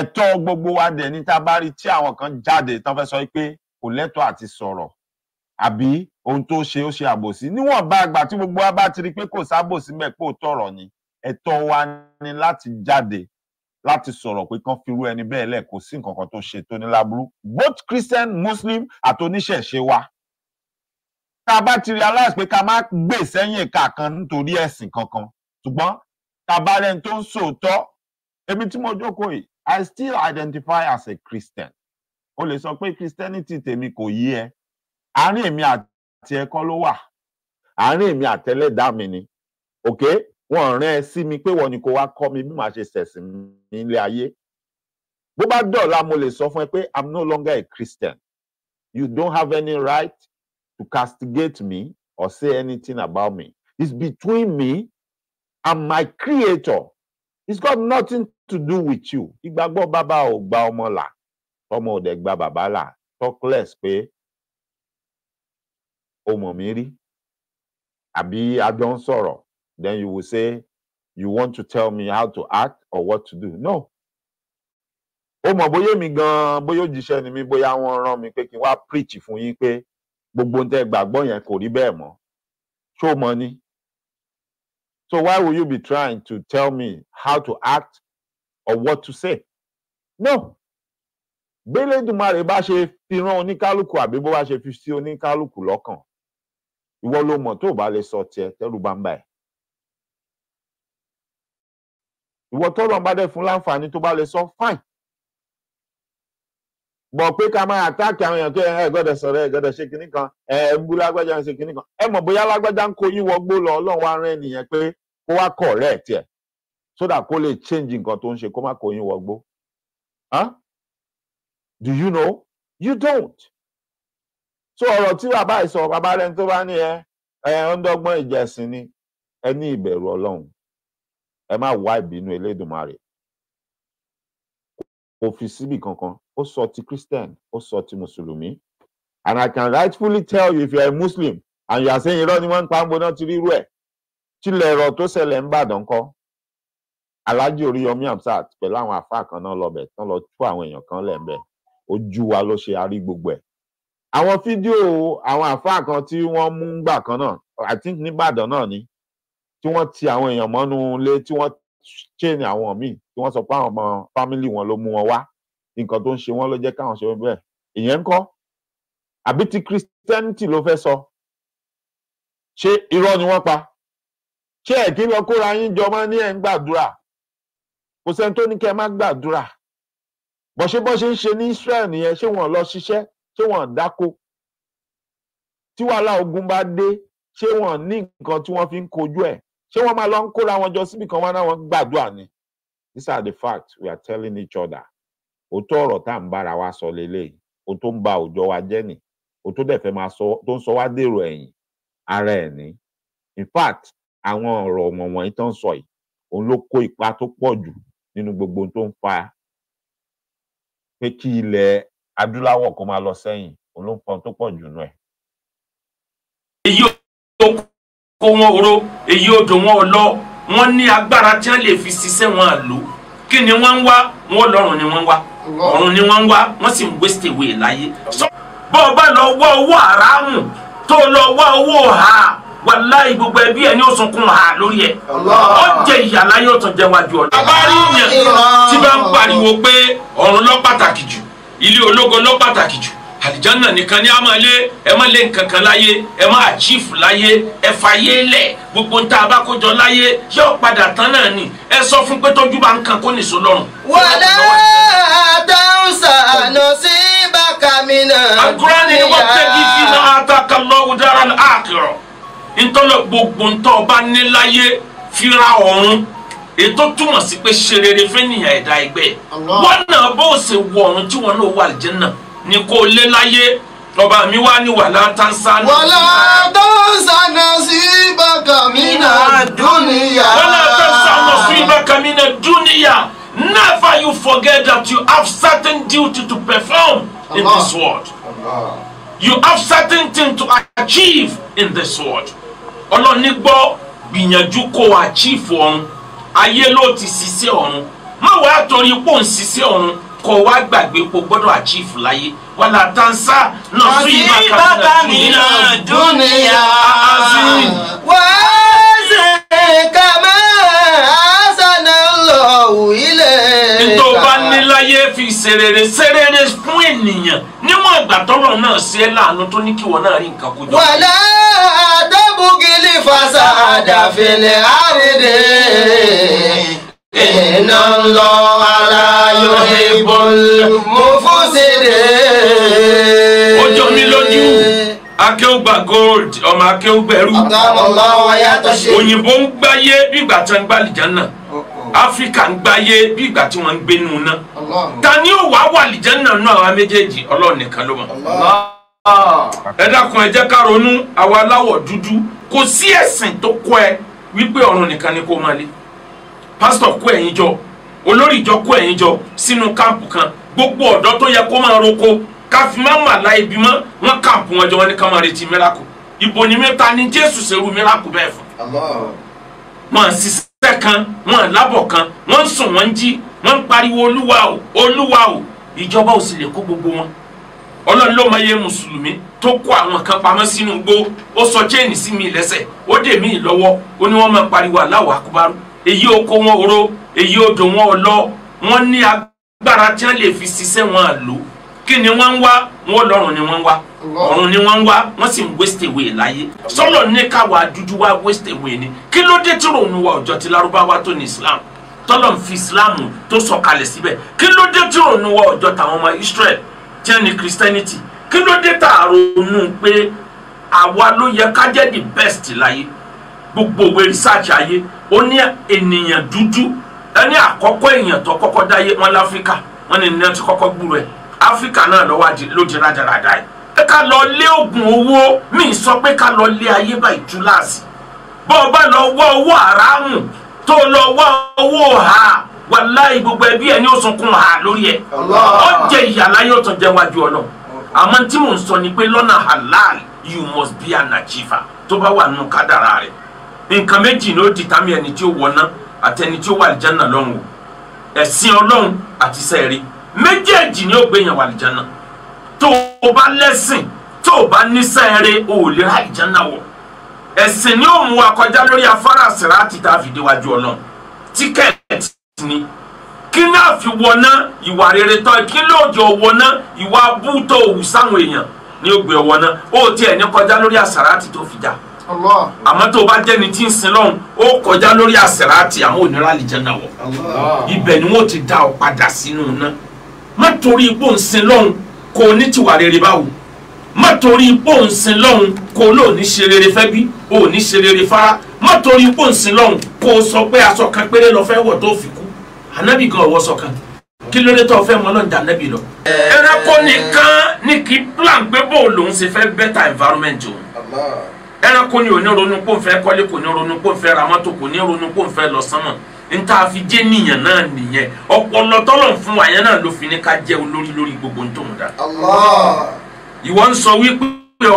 ẹ̀tọ́ gbogbo wa dẹ̀ ní tá a bá rí tí àwọn kan jáde tán fẹ́ sọ pé kò lẹ́tọ̀ọ́ àti sọ̀rọ̀ àbí ohun tó ṣe ó ṣe àbòsí níwọ̀nba àgbà tí gbogbo wa bá ti rí i pé kò sábòsí mẹ pé òótọ́ ni ẹ̀tọ́ wa ni láti jáde láti sọ̀rọ̀ pé kán firú ẹni bẹ́ẹ̀ lẹ̀ kò sí nǹkan kan tó ṣe tó ní láburú both christian muslim àti wa tá bá ti realize pé ká má gbè sẹ́yìn ìka kan nítorí ẹ̀sìn kankan ṣùgbọ́n tá bá rẹni tó ń sòótọ́ èmi tí mo jókòó yìí i still identify as a christian o lè sọ pé christianity tèmi kò yí ẹ àárín èmi àti ẹ̀kọ́ ló wà àárín èmi àtẹlẹ́dàá mi ni òkè wọn rán ẹ sí mi pé wọn ni kò wá kọ́ mi bí màá ṣe ṣẹ̀sìn mi nílé ayé bó bá dọ̀la mo lè sọ fún ẹ pé i'm no longer a christian you don't have any right to castigate me or say anything about me it's between me and my creator it's got nothing to do with you ìgbàgbọ́ bàbá ò gba ọmọ là ọmọ ò dẹ̀ gba bàbá là talk less pé o mọ̀ mí rí àbí a jọ ń sọ̀rọ̀ then you will say you want to tell me how to act or what to do no ó mọ̀ bóyá mi gan bóyá òjíṣẹ́ ni mi bóyá wọ́n rán mi pé kí n wá preach fún yín pé gbogbo ohun tẹ́ gbàgbọ́ yẹn kò rí bẹ́ẹ̀ mọ́ ṣó mọ ni so why will you be trying to tell me how to act or what to say no gbẹlẹdùmarè bá ṣe fi rán oníkálukú àbí bó bá ṣe fi sí oníkálukú lọ́kàn ìwọ ló mọ̀ tó o bá lè sọ tiẹ̀ tẹ́rù bá ń bà ẹ́ ìwọ tọ́lọ̀ ń bá dẹ̀ fún láǹfààní tó bá lè sọ fine bọ̀ pé ká máa àtáàkì àwọn èèyàn tó ẹ gbọ́dọ̀ sọ̀rọ̀ ẹ gbọ́dọ̀ ṣe kinní kan ẹ ń bú lágbájá ń ṣe kinní kan ẹ mọ̀ bóyá lágbájá ń kó yín wọgbó lọ ọlọ́run wá rán ènìyàn pé kó wá kọ̀ rẹ̀ tiẹ̀ sódà kó lè change nǹkan tó ń ṣe kó má kó yín wọgbó. do you know you don't so ọ̀rọ̀ tí bàbá ìsọ bàbá rẹ̀ tó bá ní ẹ ẹ ń dọ́gbọ́n ìjẹsìn ni ẹ ní ìbẹ̀rù Ọlọ́run ẹ má wá ìbínú Elédùmarè kò fi síbì kankan ó sọ ti Christian ó sọ ti Mùsùlùmí and I can rightfully tell you if you are a Muslim and you are saying irọ́ ni wọ́n ń pa ń gbóná ti rírú ẹ̀ tilẹ̀ ẹ̀rọ tó ṣẹlẹ̀ ń bàdàn kọ́ Alhaji Oríyọmí Hamzat pẹ̀lú àwọn àfáà kan náà lọ bẹ̀ tán lọ tú àwọn èèyàn kan lẹ̀ ń bẹ̀ ojú wa ló ṣe arí gbogbo ẹ̀ àwọn fídíò àwọn àfáà kan tí wọ́n mú gbà kan náà àti nìbàdàn náà ni tí wọ́n ti àwọn èèyàn mọ́nú ilé tí wọ́n chain àwọn míì tí wọ́n sọ pé àwọn ọmọ family wọn ló mú wọn wá nǹkan tó ń ṣe wọ́n ló jẹ́ káwọn ṣe bẹ́ẹ̀ ìyẹn ń kọ́ àbí ti christianity ló fẹ́ sọ ṣé irọ́ ni wọ́n pa ṣé ẹ̀ kí lọ kóra yín jọ mọ́ ní ẹ̀ ń gbàdúrà kò sẹ́ni tó ní kẹ́ ẹ má gbàdúrà bọ̀ṣẹ́ bọ́ṣẹ́ ń ṣe ní Israel nìyẹn ṣé wọ́n lọ ṣiṣẹ́ ṣé wọ́n dáko tí wàhálà ogun bá dé ṣé wọ́n ní nǹkan tí wọ́n fi ń kojú ẹ̀ ṣé wọ́n máa lọ ń kóra wọn jọ síbi kan wọn náà gbàdúrà ni these are the facts we are telling each other òótọ́ ọ̀rọ̀ tá à ń bára wa sọ leléyìí o tó ń ba òòjọ́ wa jẹ́ nì o dẹ̀ fẹ́ máa sọ tó ń sọ wá dèrò ẹ̀yìn ara ẹ̀ ní in fact àwọn ọ̀rọ̀ wọ̀nwọ̀n yìí tó ń sọ yìí òun ló kó ipa tó pọ̀ jù nínú gbogbo ohun tó ń fa pé kí ilẹ̀ adúláwọ̀ kó máa lọ sẹ́yìn olóńpọn tó pọ̀ jù nù ẹ̀. èyí ò kó wọn oró èyí ò dùn wọn lọ wọn ní agbára tí wọn lè fi ṣiṣẹ́ wọn lò kí ni wọ́n ń wá wọn lọ́rùn ni wọ́n ń wá ọ̀run ni wọ́n ń wá wọ́n sì ń waste away láyé. bó o bá lọ wá owó àràmù tó lọ wá owó ha wàláì gbogbo ẹbí ẹ ní òsùnkún ha lórí ẹ ó jẹ ìyàlá yóò tún jẹ wájú ọdún. àbárí yẹn tí bá ń pariwo pé ọ̀run lọ pàtàkì jù ilé ológo lọ pàtàkì jù àlìjánà nìkan ni a máa lé ẹ má lé nǹkan kan láyé ẹ má àchífù láyé ẹ fàyè lẹ gbogbo ń tá a bá kójọ láyé yóò padà tán náà ni ẹ sọ fún pé tójú bá ń kan kó nìṣó lọ́rùn. wàlẹ́ àtàwùsà nọ sí bàkàmínà. alukurani ni wọ́n tẹ́ kí fi náà àtàkà lọ́wọ́ dára ní àkìrọ̀ ntọ́lọ̀ gbogbo ntọ́ bá ní láyé fira ọ̀run ètò túmọ̀ sí pé ṣe rere fẹ́nìyàn ẹ̀dá ẹgbẹ́ wọn náà bó ṣe wọ ọ̀run tí wọn náà wà àlùjánnà ni kò lé láyé ọba mi wá ní wàlá tánsánà. wàlá tánsánà sí bàkà mí náà dúnìyà. wàlá tánsánà sí bàkà mí náà dúnìyà never you forget that you have certain duty to perform Allah. in this world. Allah. you have certain thing to achieve in this world. ọlọ́ni gbọ́ gbìyànjú kó achieve wọn ayé ló ti ṣiṣẹ́ ọ̀run má wàá torí pò ń ṣiṣẹ́ ọ̀run kọ wá gbàgbé pò gbọ́dọ̀ àchífù láyé wàlà tansa náà sún ìmọ̀ kàtúnà nínú dúnìyà wàá ṣe kàmá àṣà náà lọ òye láyé fi ṣèrèrè ṣèrèrè fún ènìyàn níwọ̀n ìgbà tọ́lọ̀ náà ṣe é láàánú tó ní kí wọ́n náà rí nǹkan kó jọ. wàlẹ́ àdébùgìlì fàṣà àdàfẹ́lẹ̀ àrídè iná ń lọ ara yóò ìbò fún sídè. ó jọ lójú akéwùgbà gold ọmọ akéwùgbẹ̀rù òyìnbó ń gbáyé bí ìgbà tán gbàlìjà náà áfíríkà ń gbáyé bí ìgbà tí wọ́n ń gbé nù ná ta ni ó wàá wà lìjẹ́ náà nù àwọn méjèèjì ọlọ́run nìkan ló mọ̀ ẹ dákun ẹ jẹ́ ká ronú àwa aláwọ̀ dúdú kò sí ẹ̀sìn tó kọ́ ẹ wípé ọ̀run nìkan ni kó máa lé pásítọ̀ kó ẹ̀yin jọ olórí ìjọ kó ẹ̀yin jọ sínú káàmpù kan gbogbo ọ̀dọ́ tó yẹ kó máa roko káfíńmá láìbí mọ́ wọn káàmpù wọn jọ wọn ní ká máa retí mẹ́rákù ìbò ní mẹ́ta ni jésù ṣerú mẹ́rákù bẹ́ẹ̀ fún. máa ṣiṣẹ́ fẹ́ kan wọn lábọ̀ kan wọ́n ń sùn wọ́n ń jí wọ́n ń pariwo olúwa o olúwa o ìjọba ò sì lè kó gbogbo wọn ọlọ́run ló mọye mùsùlùmí tó kó àwọn kan pamọ́ sínú igbó ó sọ chain sí mi lẹ́sẹ̀ ó dè mí lọ́wọ́ ó ní wọ́n máa pariwo aláwọ̀ akúbárú èyí ó kó wọn oró èyí ó dùn wọn ọlọ́ wọn ní agbára tí wọ́n lè fi ṣiṣẹ́ wọn àlò kí ni wọ́n ń wá wọn lọ́rùn ni wọ́n ń wá ọ̀run ni wọ́n ń wá wọ́n sì ń waste away láyé sọ́lọ̀ ní káwa dúdú wá waste away ni kí ló dé tí ròun wa ọjọ́ ti lárúbáwá tó ní islam tọ́lọ̀ ń fi islam tó sọ̀kalẹ̀ síbẹ̀ kí ló dé tí ròun wa ọjọ́ tàwọn ọmọ israel tí wọ́n ní christianity kí ló dé tá a pé àwa ló yẹ ká jẹ́ the best láyé gbogbo òwe research ayé ó ní ènìyàn dúdú ẹni àkọ́kọ́ èèyàn tó kọ́kọ́ dáyé wọn láfíríkà wọn ni ní ẹ ti kọ́kọ́ gbúrò ẹ̀ áfíríkà náà ló wá ló di rádaràda yìí ká lọ lé oògùn owó mi sọ pé ká lọ lé ayé bá ìtúláàsì bó o bá lọ wá owó àràmù tó lọ wá owó ha wàláì gbogbo ẹbí ẹ ní ó sunkún ha lórí ẹ ó jẹ ìyàlá yóò tún jẹ wájú ọlọ àmọ́ tí mò ń sọ ni pé lọnà halal you must be an achiever tó bá wà nínú kádàrá rẹ nǹkan méjì ni ó di tàmí ẹni tí ó wọná àtẹni tí ó wà àlìjáná lọ́hùn ẹ̀sìn ọlọ́hun àti sẹ́ẹ̀rí méjèèjì ni ó gbé yàn wà àlìjáná. tó o bá lẹ́sìn tó o bá nísẹ́ẹ̀rẹ́ o ò lè ra ìjánná wọ̀ ẹ̀sìn ni ó wa kọjá lórí afárá àsìrá ti ta fi déwájú ọ̀nà tíkẹ́ẹ̀tì ni kí náà fi wọná ìwà rere tán kí lóòjọ wọná ìwà bútó òwú sáwọn èèyàn ní ògbé wọná ó tiẹ̀ ní kọjá lórí àsìrá ti tó fi dá àmọ́ tó o bá jẹ́ni tí ń sin lọ́hùn ó kọjá lórí àsìrá ti àwọn onírà àlìjẹ́nà wọ̀ ibẹ̀ ni wọ́n ti dá ọ padà sínú iná má torí ipò ń sin lọ́hùn kò ní tiwa rere báwo má torí pò ń sin lọ́hùn kò ló ní ṣe rere fẹ́ bí ò ní ṣe rere fara má torí pò ń sin lọ́hùn kò sọ pé aṣọ kan péré lọ fẹ́ wọ̀ tó fi kú ànábì gan ọ̀wọ́ sọ kan kí ló dé tó fẹ́ mọ́ lọ́nà ànábì lọ. ẹranko nìkan ní kí plan pé bó lòun ṣe fẹ́ better environment o ẹranko ni ò ní ronú pò ń fẹ́ kọ́lé kò ní ronú pò ń fẹ́ ra kò ní ronú pò ń fẹ́ lọ sánmọ̀ ntaafi jẹ nìyẹn náà nìyẹn ọpọlọ tọlọ fún wa yẹn náà ló fi ní ká jẹ olórí lórí gbogbo ntòun dá. ìwọ ń sọ wípé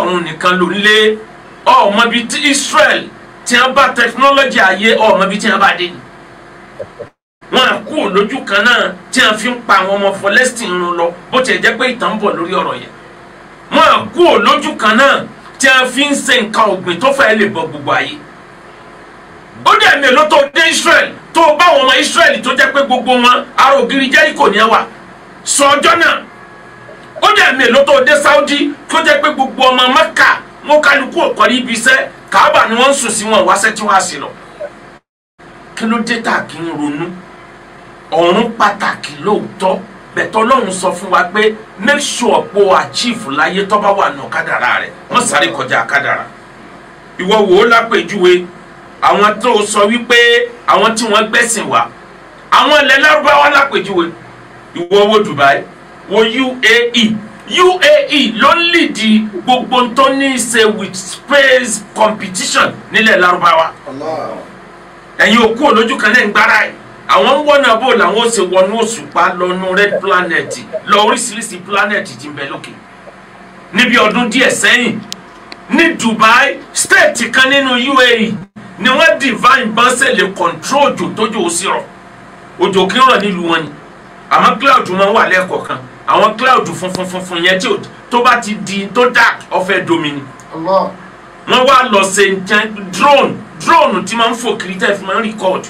ọ̀run nìkan ló lé ọmọ bíi ti Israel tí wọn bá tẹkinọlọgì ayé ọmọ bíi tí wọn bá dé ni wọn à kú lójú kan náà tí wọn fi ń pa àwọn ọmọ fọlẹ́sìn run lọ bó tiẹ̀ jẹ́ pé ìtàn ń bọ̀ lórí ọ̀rọ̀ yẹn wọn à kú lójú kan náà tí wọn fi ń ṣe nǹkan ọ̀gbìn tó fẹ́ lè bọ gbogbo ayé ó dẹ̀ mélòó tó dé Israel tó bá àwọn ọmọ Israel tó jẹ́ pé gbogbo wọn ará ògiri Jẹ́ríkò ní wà sọ ọjọ́ náà ó dẹ̀ mélòó tó dé Saudi tó jẹ́ pé gbogbo ọmọ maka wọn kálukú ibi iṣẹ́ kaaba ni wọ́n ń sùn sí wọn wáṣẹ́ tí wọ́n á sí lọ kí ló dé tá a kì í ronú ọ̀run pàtàkì lóòótọ́ sọ fún wa pé make sure pé o achieve láyé tó wà sáré kọjá ìwọ wò ó lápèjúwe àwọn tó sọ wípé àwọn tí wọ́n gbẹ̀sìn wá àwọn ilẹ̀ lárúbáwá lápèjúwe ìwọ wo Dubai wo UAE UAE ló ń lìdí gbogbo tó ní í ṣe with space competition nílẹ̀ lárúbáwá ẹ̀yin òkú olójú kan lẹ́yìn gbára ẹ̀ àwọn ń wọ́nà bò làwọn ò ṣe wọnú òṣùpá lọ́nu red planet lọ oríṣiríṣi planet ti ń bẹ lókè níbi ọdún díẹ̀ sẹ́yìn ní Dubai state kan nínú UAE ni wọn divine bansẹ le control jo tójó sí rọ òjò kí rọ nílùú wọn ni àmọ́ cloud máa wà lẹ́ẹ̀kọ̀kan àwọn cloud funfun funfun yẹn tí tó bá ti di tó dark ọfẹ domi ni wọn wá lọ ṣe nǹkan drone drone ti máa ń fò kiri tẹ́ fi máa ń record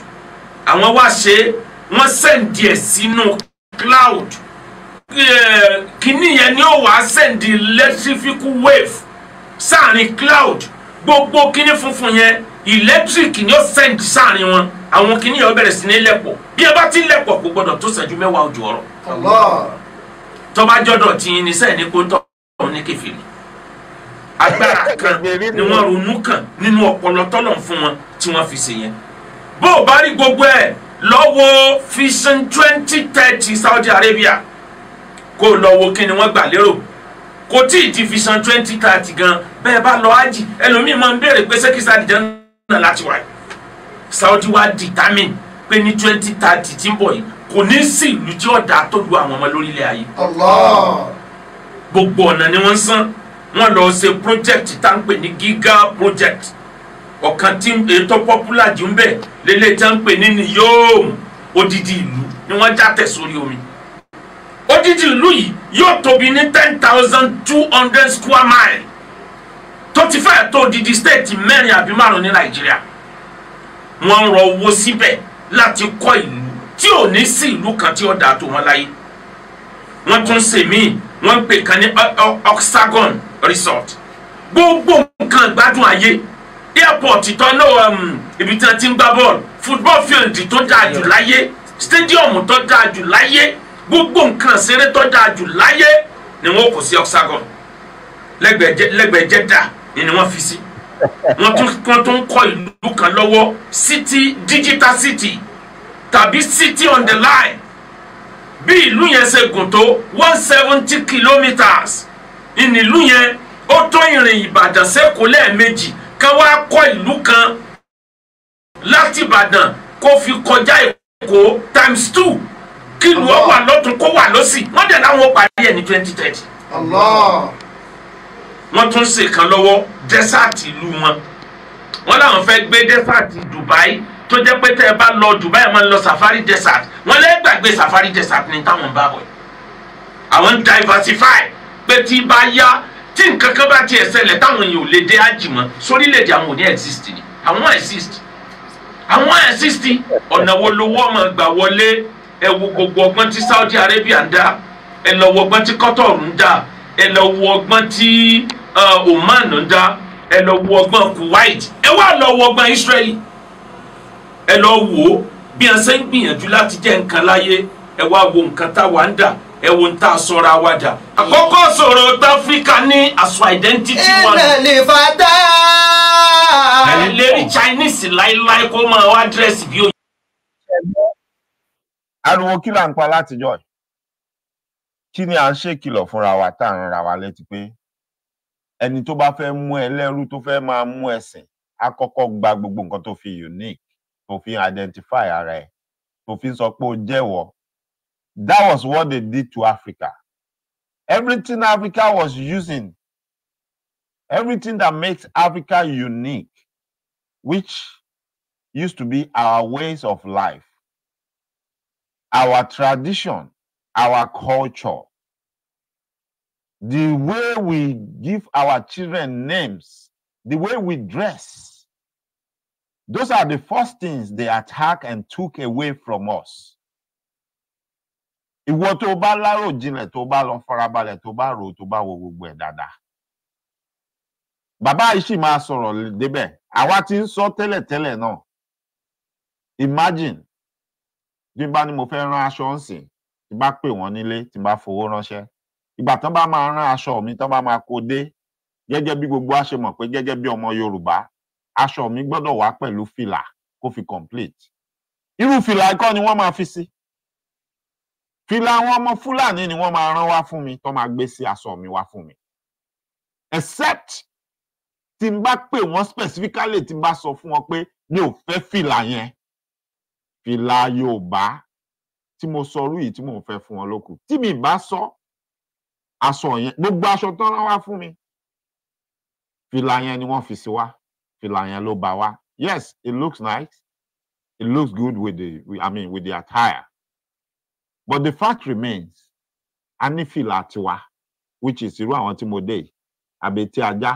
àwọn wá ṣe wọn send díẹ̀ sínú cloud kìnìyẹn ni ó wàá send electrical wave sáàrin cloud gbogbo kíní funfun yẹn electric ni ó send sáàrin wọn àwọn kìíní yẹn ó bẹ̀rẹ̀ sí ní lẹ̀pọ̀ bí ẹ bá ti lẹ̀pọ̀ kò gbọdọ̀ tó ṣẹ́jú mẹ́wàá ojú ọ̀rọ̀ tọ́bajọ́dọ̀ tí ní sẹ́ẹ̀ ní kó ń tọ́ ọ̀hún ní kẹfìlì agbára kan ni wọ́n ronú kan nínú ọpọlọ tọ́lọ̀ fún wọn tí wọ́n fi ṣe yẹn bó o bá rí gbogbo ẹ̀ lọ́wọ́ vision twenty thirty Saudi Arabia kó o lọ́wọ́ kí ni wọ́n gbà lérò kò tí ì di vision twenty thirty gan bẹ́ẹ̀ bá lọ ájì ẹlòmíì máa ń béèrè pé ṣé kí sáà dìjọ́ náà náà láti wáyé Saudi wa determine pé ní twenty thirty tí ń bọ̀ yìí kò ní sí ìlú tí ọ̀dà tó lu àwọn ọmọ lórílẹ̀ ayé. gbogbo ọ̀nà ni wọ́n ń san wọ́n lọ ṣe project tá ní giga project ọ̀kan tí ètò popular jù ń bẹ̀ lélẹ̀ tí wọ́n ń pè ní odidi ìlú ni wọ́n já tẹ̀ sórí omi odidi ìlú yìí yóò tóbi ní ten thousand two hundred square mile tó ti fẹ́ tó didi state mẹ́rin àbí márùn ní nàìjíríà wọ́n ń rọ owó síbẹ̀ láti kọ́ ìlú tí ò ní sí ìlú kan tí ó dáa tó wọn láyé wọ́n tún ṣe míì wọ́n ń pè kan ní oxagon resort gbogbo nǹkan gbádùn ayé airport tó náà um, ibi tí wọ́n ti ń gbá bọ́ọ̀lù football field tó dáa jù láyé stadium tó dáa jù láyé gbogbo nǹkan ṣeré tó dáa jù láyé ni wọ́n kò sí oxagon lẹ́gbẹ̀ẹ́ jẹ́dà ni wọ́n fi sí wọ́n tún wọ́n tún kọ́ ìlú kan lọ́wọ́ city digital city tàbí city on the line bí ìlú yẹn ṣe gùn tó one seventy kilometres ìní ìlú yẹn ó tó ìrìn Ìbàdàn sẹ́kọ̀ọ́ lẹ́ẹ̀mejì kan wá kọ́ ìlú kan láti Ìbàdàn kó fi kọjá Èkó times two kí ìlú ọ wà lọ́tún kó wà lọ́sì wọ́n dẹ̀ láwọn parí ẹ̀ ní twenty thirty. Allah wọ́n tún ṣe kan lọ́wọ́ dẹ́sàtì ìlú wọn wọ́n làwọn fẹ́ gbé dẹ́sàtì Dubai tó jẹ́ pé tẹ́ ẹ bá lọ Dubai máa ń lọ safari desert wọ́n lẹ́ gbàgbé safari desert ní táwọn bá wọ̀ àwọn ń diversify pé tí bá yá tí nǹkan kan bá tiẹ̀ ṣẹlẹ̀ táwọn èèyàn ò lè dé àjì mọ́ sórílẹ̀-èdè àwọn ò ní exist ni àwọn exist àwọn exist ọ̀nà wo lowó ọmọ gbà wọlé ẹ wo gbogbo ọgbọ́n tí Saudi Arabia ń dá ẹ lọ wo ọgbọ́n tí Qatar ń dá ẹ lọ wo ọgbọ́n tí Eh, Oman dá ẹ lọ wo ọgbọ́n Kuwait ẹ wá lọ wo ọgbọ́n Israeli ẹ lọ wò ó bí wọn ṣe ń gbìyànjú láti jẹ́ nǹkan láyé ẹ wá wo nǹkan táwa ń dà ẹ wo ń tà sọ́ra wa dà. àkọ́kọ́ sọ̀rọ̀ táfíríkà ní aṣọ identity wọn. ẹ lè fa ẹ lè Chinese láéláé kó máa wá dírẹ́sì bí ó. ariwo kí ń pa látijọ́ kí ni à ń ṣèkìlọ̀ fúnra wa tá à ń ra wa létí pé ẹni tó bá fẹ́ mú ẹ lẹ́rú tó fẹ́ máa mú ẹ sìn á kọ́kọ́ gba gbogbo nǹkan tó fi unique tó fi identify ara ẹ tó fi sọ pé ó jẹ́wọ́ that was what they did to Africa everything Africa was using everything that makes Africa unique which used to be our ways of life our tradition our culture the way we give our children names, the way we dress. Those are the first things they attack and took away from us. Ìwọ tó bá lárò jinlẹ̀ tó bá lọ farabalẹ̀ tó bá rò tó bá wo gbogbo ẹ̀ dáadáa. Bàbá yìí sì máa sọ̀rọ̀ débẹ̀. Àwa ti ń sọ tẹ́lẹ̀tẹ́lẹ̀ náà. Imagine bí n bá ní mo fẹ́ rán aṣọ ń sìn, tí bá pè wọ́n nílé, tí bá fowó ránṣẹ́ ìgbà tán bá máa rán aṣọ mi tán bá máa kó dé gẹ́gẹ́ bí gbogbo a ṣe mọ̀ pé gẹ́gẹ́ bí ọmọ Yorùbá aṣọ mi gbọ́dọ̀ wá pẹ̀lú fìlà kó fi complete irú fìlà ikọ́ ni wọ́n máa fi sí fìlà àwọn ọmọ Fúlàní ni wọ́n máa rán wá fún mi tán máa gbé sí aṣọ mi wá fún mi except tí n bá pè wọ́n specifically tí n bá sọ fún wọn pé mi ò fẹ́ fìlà yẹn fìlà Yorùbá tí mo sọ orú yìí tí mò ń fún wọn lókù tí mi bá sọ aṣọ yẹn gbogbo aṣọ tó rán wá fún mi fìlà yẹn ni wọ́n fi sí wa fìlà yẹn ló bá wa yes it looks nice it looks good with the with, i mean with the attire but the fact remains a ní fìlà tiwa which is irú àwọn tí mo dé àbètí ajá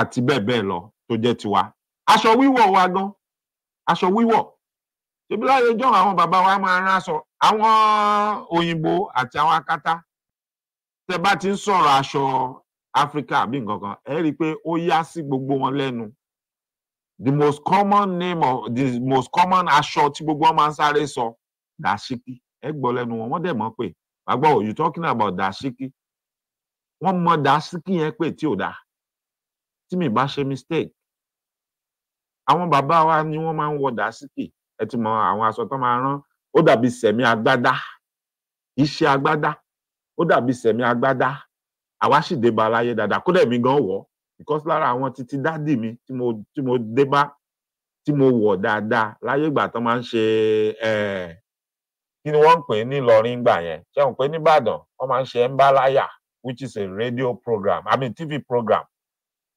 àti bẹ́ẹ̀ bẹ́ẹ̀ lọ tó jẹ́ tiwa aṣọ wíwọ̀ wa gan aṣọ wíwọ̀ ṣebí láyé john àwọn bàbá wa máa rán aṣọ àwọn òyìnbó àti àwọn akátá tẹ bá ti ń sọ̀rọ̀ aṣọ áfíríkà àbí nǹkan kan ẹ rí i pé ó yá sí gbogbo wọn lẹ́nu the most common name of the most common aṣọ tí gbogbo wọn máa ń sáré sọ dàṣíkí ẹ gbọ́ lẹ́nu wọn wọ́n dẹ̀ mọ̀ pé àgbà you talking about dàṣíkí wọ́n mọ̀ dàṣíkí yẹn pé tí ò dáa tí mi bá ṣe mistake àwọn bàbá wa ni wọ́n máa ń wọ dàṣíkí ẹ ti mọ̀ àwọn aṣọ tó máa rán ó dàbí sẹ̀mí agbádá iṣẹ́ agbádá ó dàbí sẹ̀mí agbádá àwa sì dé ba aláyé dáadáa kódà èmi gan wọ̀ because lára àwọn títí dádì mi tí mo tí mo dé bá tí mo wọ̀ dáadáa láyé ìgbà tán máa ń ṣe kí ni wọ́n ń pè ní Ìlọrin gbà yẹn ṣé wọ́n pè ní Ìbàdàn wọ́n máa ń ṣe ẹ̀ńbáláyà which is a radio program I mean TV program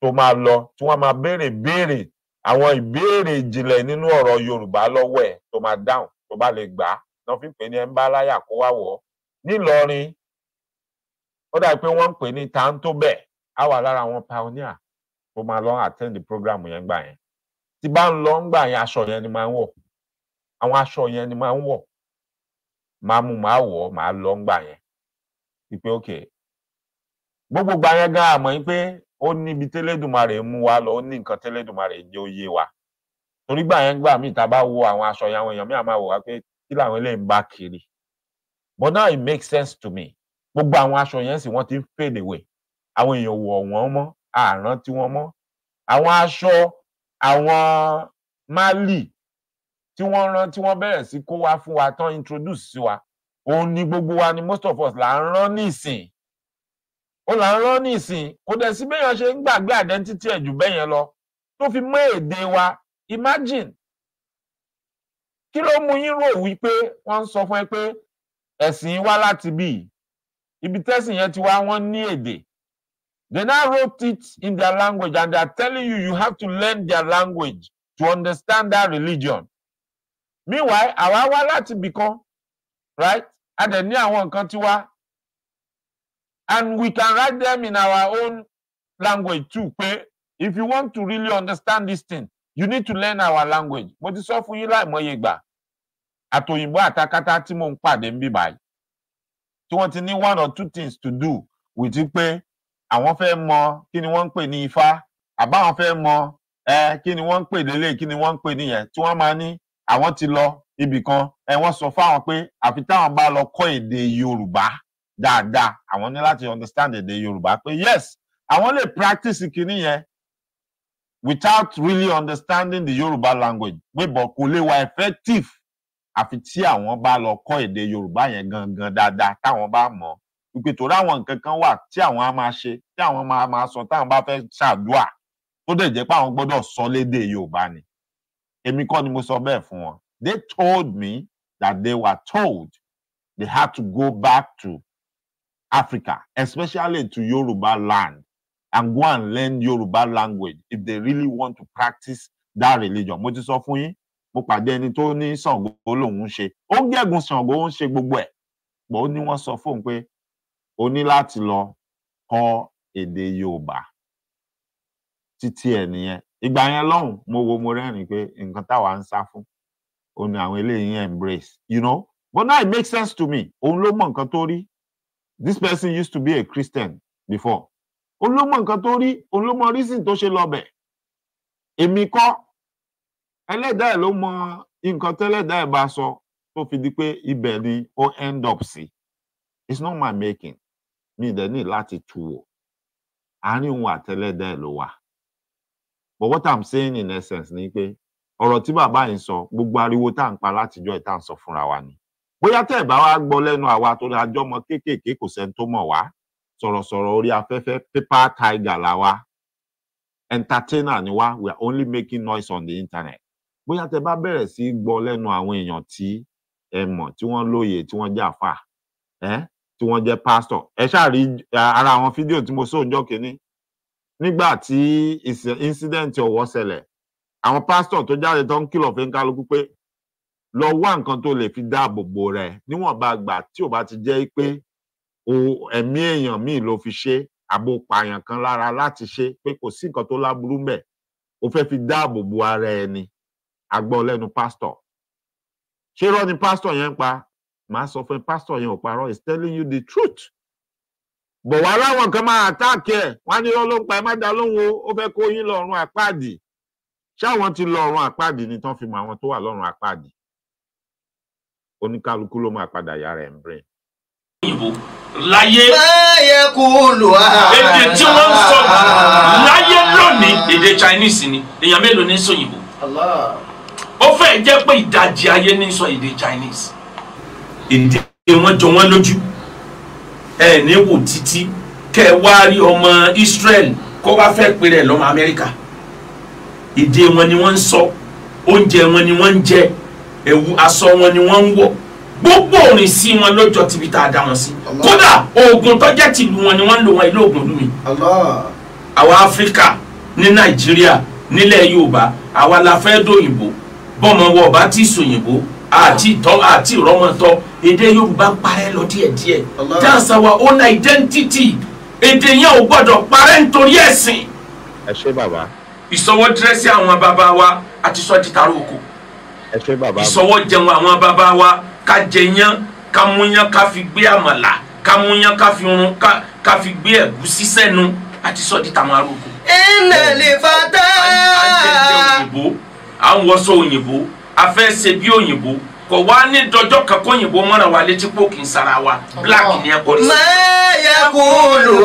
tó máa lọ tí wọ́n máa béèrè béèrè àwọn ìbéèrè ìjìnlẹ̀ nínú ọ̀rọ̀ Yorùbá lọ́wọ́ ẹ̀ tó máa dáhùn tó bá lè gbà á lọ fi pè ní ẹ ń bá láyà kó wá wọ nílọrin ó dàbí pé wọ́n ń pè ní ta ń á wà lára àwọn pioneer tó máa lọ attend the program yẹn gbà yẹn tí bá ń lọ ń gbà yẹn aṣọ yẹn ni máa ń wọ̀ àwọn aṣọ yẹn ni máa ń wọ̀ máa mú máa wọ̀ máa lọ ń gbà yẹn ìpè òkè gbogbo gbà yẹn gan àmọ́ yín pé ó níbi tẹ́lẹ̀dùmarè mú wa lọ ó ní nǹkan tẹ́lẹ̀dùmarè jẹ́ ó yé wa torí gbà yẹn gbà míì tá a bá wo àwọn aṣọ yẹn àwọn èèyàn míì á máa wò wá pé kí làwọn eléyìí ń bá kiri but now it makes sense to me gbogbo àwọn aṣọ yẹn sì wọ́n ti ń fade away àwọn èèyàn wọ̀ wọ́n mọ́ àrán tí wọ́n mọ́ àwọn aṣọ àwọn Mali tí wọ́n rán tí wọ́n bẹ̀rẹ̀ sí kó wá fún wa tán introduce sí wa òun ni gbogbo wa ni most of us là ń rán ní ìsìn ó là ń rán ní ìsìn kò dẹ̀ sí béèyàn ṣe ń gbàgbé identity ẹ̀ jù bẹ́yẹn lọ tó fi mọ́ èdè wa imagine kí ló mú yín rò wípé wọ́n ń sọ fún ẹ pé ẹ̀sìn wá láti bí ibi tẹ́sìn yẹn ti wá wọ́n ní èdè they now wrote it in their language and they are telling you you have to learn their language to understand that religion meanwhile àwa wá láti ibì kan right a dẹ̀ ní àwọn nǹkan tiwa and we can write them in our own language too pé if you want to really understand this thing you need to learn our language mo ti sọ fún yín láìmọye ìgbà àtòyìnbó àtakátá tí mò ń pàdé ń bì báyìí tí wọ́n ti ní one or two things to do with it pé àwọn fẹ́ mọ kí ni wọ́n ń pè ní ifá àbáwọn fẹ́ mọ ẹ kí ni wọ́n ń pè lélẹ̀ kí ni wọ́n ń pè nìyẹn tí wọ́n máa ní àwọn ti lọ ibì kan ẹ wọ́n sọ fáwọn pé àfi táwọn bá lọ kọ́ èdè Yorùbá dáadáa àwọn ní láti understand èdè Yorùbá pé yes àwọn lè practice kìíní without really understanding the Yoruba language pé bọ̀ kò lè wà effective àfi tí àwọn bá lọ kọ́ èdè Yorùbá yẹn gangan dáadáa táwọn bá mọ̀ ìpè tó ráwọn nǹkan kan wà tí àwọn á máa ṣe tí àwọn máa máa sọ táwọn bá fẹ́ ṣàdúà tó dẹ̀ jẹ́ pé àwọn gbọ́dọ̀ sọ lédè Yorùbá ni èmi kọ́ ni mo sọ bẹ́ẹ̀ fún wọn they told me that they were told they had to go back to Africa especially to Yoruba land and go and learn Yoruba language if they really want to practice that religion. Mo ti sọ fún yín, mo pàdé ẹni tó ní Ṣàngó lòun ń ṣe. Ó ń gẹ̀gùn Ṣàngó, ó ń ṣe gbogbo ẹ̀. But ó ní wọ́n sọ fóun pé o ní láti lọ kọ́ èdè Yorùbá títí ẹ̀ nìyẹn. Ìgbà yẹn lọ́hùn, mo wo mo rẹ́rìn pé nǹkan táwa ń sá fún. O ní àwọn eléyìí embrace, you know. But now it makes sense to me. Òun ló mọ nǹkan tó rí. This person used to be a Christian before òun ló mọ nǹkan tó rí òun ló mọ reason tó ṣe lọbẹ èmi kọ́ ẹlẹ́dàá ẹ̀ ló mọ nǹkan tẹ́lẹ́dàá ẹ̀ bá sọ tó fi di pé ibẹ̀ ni ó end up sí it's not my making mi dẹ̀ ní láti tu wò àárín òun àtẹ́lẹ́dàá ẹ̀ ló wà but what i'm saying in essence ni pé ọ̀rọ̀ tí bàbá yìí sọ gbogbo ariwo tá à ń pa látijọ́ ìta ń sọ fúnra wa ni bóyá tẹ́ ẹ̀ bá wá gbọ́ lẹ́nu àwa torí àjọmọ kéékèèké kò sẹ́ni tó mọ̀ wá sọ̀rọ̀sọ̀rọ̀ orí afẹ́fẹ́ paper tiger la wa entertainer ni wa we are only making noise on the internet bóyá tẹ bá bẹ̀rẹ̀ sí í gbọ́ lẹ́nu àwọn èèyàn tí ẹ mọ̀ tí wọ́n lóye tí wọ́n jẹ́ àfà ẹ́ tí wọ́n jẹ́ pásítọ̀ ẹ ṣáà rí ara àwọn fídíò tí mo sóòjọ́ kínní nígbà tí incident ọ̀wọ́ ṣẹlẹ̀ àwọn pásítọ̀ tó jáde tó ń kìlọ̀ fún kálukú pé lọ wá nǹkan tó lè fi dáàbò bò rẹ níwọ̀nba àgbà tí ò bá ti jẹ́ pé ẹ̀mí èèyàn míì ló fi ṣe àbò pààyàn kan lára láti ṣe pé kò sí nǹkan tó láburú mbẹ̀ ó fẹ́ fi dáàbò bo ara ẹni agbọ́ lẹ́nu pásítọ̀ ṣé irọ́ ni pásítọ̀ yẹn ń pa màá sọ fún pásítọ̀ yẹn ò parọ́ is telling you the truth bọ̀ wá láwọn kan máa àtáàkì ẹ̀ wọ́n á ní irọ́ ló ń pa ẹ má dá lóhùn o ó fẹ́ kó yín lọ́rùn àpáàdì ṣé àwọn ti lọ́rùn àpáàdì ni tán fi mọ àwọn tó wà lọ́rùn àpáàdì oníkálukú ló máa padà yára ẹ̀ ń brain òyìnbó láyé. láyé kú lù á. èdè tí wọ́n sọ láyé lónìí èdè Chinese ni èèyàn mélòó ní sọ òyìnbó. ó fẹ́ẹ̀ jẹ́ pé ìdajì ayé ní sọ èdè Chinese. èdè wọn jọ wọn lójú ẹ ní wò títí kẹ wá rí ọmọ Israel kó wá fẹ́ pèrè lọ́mọ Amẹ́ríkà èdè wọn ni wọ́n ń sọ oúnjẹ wọn ni wọ́n ń jẹ ẹ̀wù aṣọ wọn ni wọ́n ń wọ̀ gbogbo òrìn sí wọn lọ́jọ́ tìbí tá a dá wọn sí kódà oògùn tó jẹ́ tìlú wọn ni wọ́n ń wọn ilé oògùn lumi. àwa áfíríkà ní nàìjíríà nílẹ̀ yorùbá àwa la fẹ́ dòyìnbó bọ́mọ wọ ọba tí sòyìnbó àti tọ́ àti ìrọ́mọtọ́ èdè yorùbá parẹ́ lọ díẹ̀díẹ̀ dáhùnsá wa own identity èdè yẹn ò gbọ́dọ̀ parẹ́ nítorí ẹ̀sìn. ẹ ṣe bàbá. ìsọwọ́ dírẹ́sì àwọn bàbá wa àti sọ́ọ́ di tààrà òkú. ẹ ṣe bàbá. ìsọwọ́ jẹun àwọn bàbá wa ká jẹyán ká múyán ká fi gbé àmàlà ká múyán ká fi run ká fi gbé ẹ̀gúsí sẹ́nu àti sọ́ọ́ di tàwọn aróko. iná lè fa tá a. a jẹjẹ òyìnbó ń wọṣọ òyìnbó a fẹ́ ṣe bí òyìnbó kò wá ní dọjọ́ kan kóyìnbó mọ́ra wa létí pò kì í sara wa black ni ẹ kọ́ ní. máa